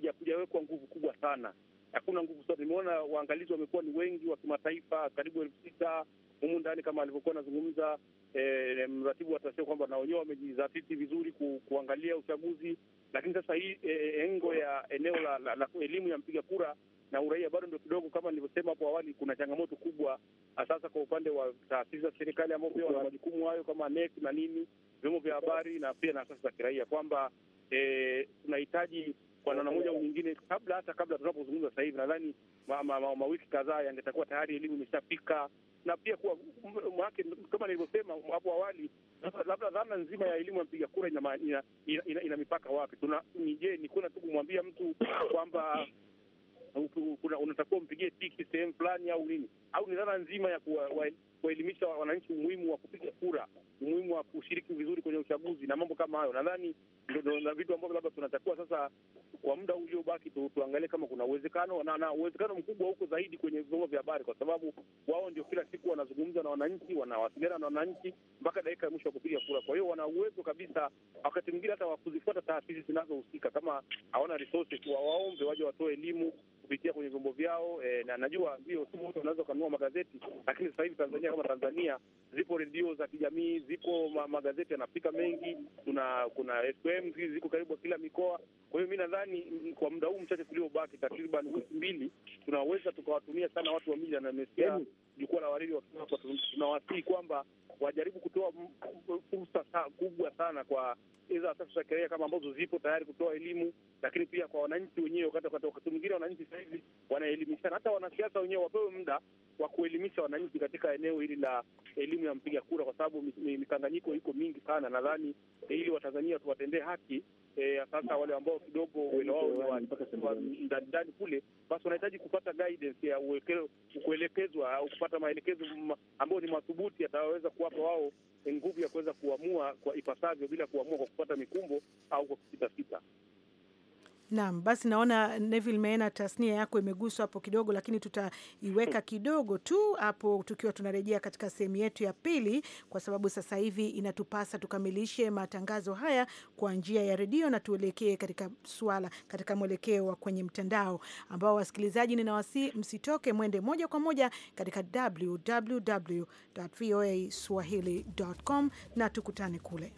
hakujawekwa e, nguvu kubwa sana hakuna nguvu sana. Nimeona waangalizi wamekuwa ni wengi wa kimataifa, karibu elfu sita humu ndani, kama alivyokuwa anazungumza e, mratibu wa taasisi kwamba na wenyewe wamejizatiti vizuri ku, kuangalia uchaguzi, lakini sasa hii eh, engo ya eneo la, la, la elimu ya mpiga kura na uraia bado ndio kidogo, kama nilivyosema hapo awali, kuna changamoto kubwa sasa kwa upande wa taasisi za serikali ambao pia wana majukumu hayo kama NEC na nini, vyombo vya habari na pia na asasi za kiraia, kwamba eh, tunahitaji kwa namna moja au nyingine, kabla hata kabla tunapozungumza sasa hivi, nadhani mawiki kadhaa yangetakuwa tayari elimu imeshafika na pia kuwa mwake, kama nilivyosema hapo awali, labda dhana nzima ya elimu ya mpiga kura ina, ina, ina, ina mipaka wapi? Tuna je, ni kuna tu kumwambia mtu kwamba unatakiwa umpigie tiki sehemu fulani au nini, au ni dhana nzima ya kuwa kuelimisha wananchi umuhimu wa kupiga kura, umuhimu wa kushiriki vizuri kwenye uchaguzi na mambo kama hayo. Nadhani ndo na vitu ambavyo labda tunatakiwa sasa, kwa muda uliobaki tu, tuangalie kama kuna uwezekano na, na uwezekano mkubwa huko zaidi kwenye vyombo vya habari, kwa sababu wao ndio kila siku wanazungumza na wananchi, wanawasiliana na wananchi mpaka dakika ya mwisho wa kupiga kura. Kwa hiyo wana uwezo kabisa, wakati mwingine hata wa kuzifuata taasisi zinazohusika. Kama hawana resources, wawaombe waje watoe elimu kupitia kwenye vyombo vyao. E, na najua ndio, si wote wanaweza kununua magazeti, lakini sasa hivi Tanzania Kenya kama Tanzania, zipo redio za kijamii, zipo magazeti yanapika mengi, kuna kuna FM ziko karibu kila mikoa. Kwa hiyo mi nadhani kwa muda huu mchache tuliobaki, takriban wiki mbili, tunaweza tukawatumia sana watu wa miji, na nimesikia jukwaa la wariri tunawasii kwamba wajaribu kutoa fursa kubwa sana kwa hizo asasi za kiraia kama ambazo zipo tayari kutoa elimu, lakini pia kwa wananchi wenyewe. Wakati wakati mwingine wananchi hivi wanaelimishana, hata wanasiasa wenyewe wapewe muda wa kuelimisha wananchi katika eneo hili la elimu ya mpiga kura, kwa sababu mikanganyiko iko mingi sana. Nadhani ili Watanzania tuwatendee haki eh, sasa wale ambao kidogo uelewa wao ndani kule, basi wanahitaji kupata guidance ya kuelekezwa au kupata maelekezo ambayo ni madhubuti yataweza ku kuwapa wao nguvu ya kuweza kuamua kwa ipasavyo bila kuamua kwa kupata mikumbo au kwa kusitasita. Naam, basi naona Neville Meena, tasnia yako imeguswa hapo kidogo, lakini tutaiweka kidogo tu hapo tukiwa tunarejea katika sehemu yetu ya pili, kwa sababu sasa hivi inatupasa tukamilishe matangazo haya kwa njia ya redio na tuelekee katika swala, katika mwelekeo wa kwenye mtandao, ambao wasikilizaji, ninawasi msitoke, mwende moja kwa moja katika www.voaswahili.com na tukutane kule.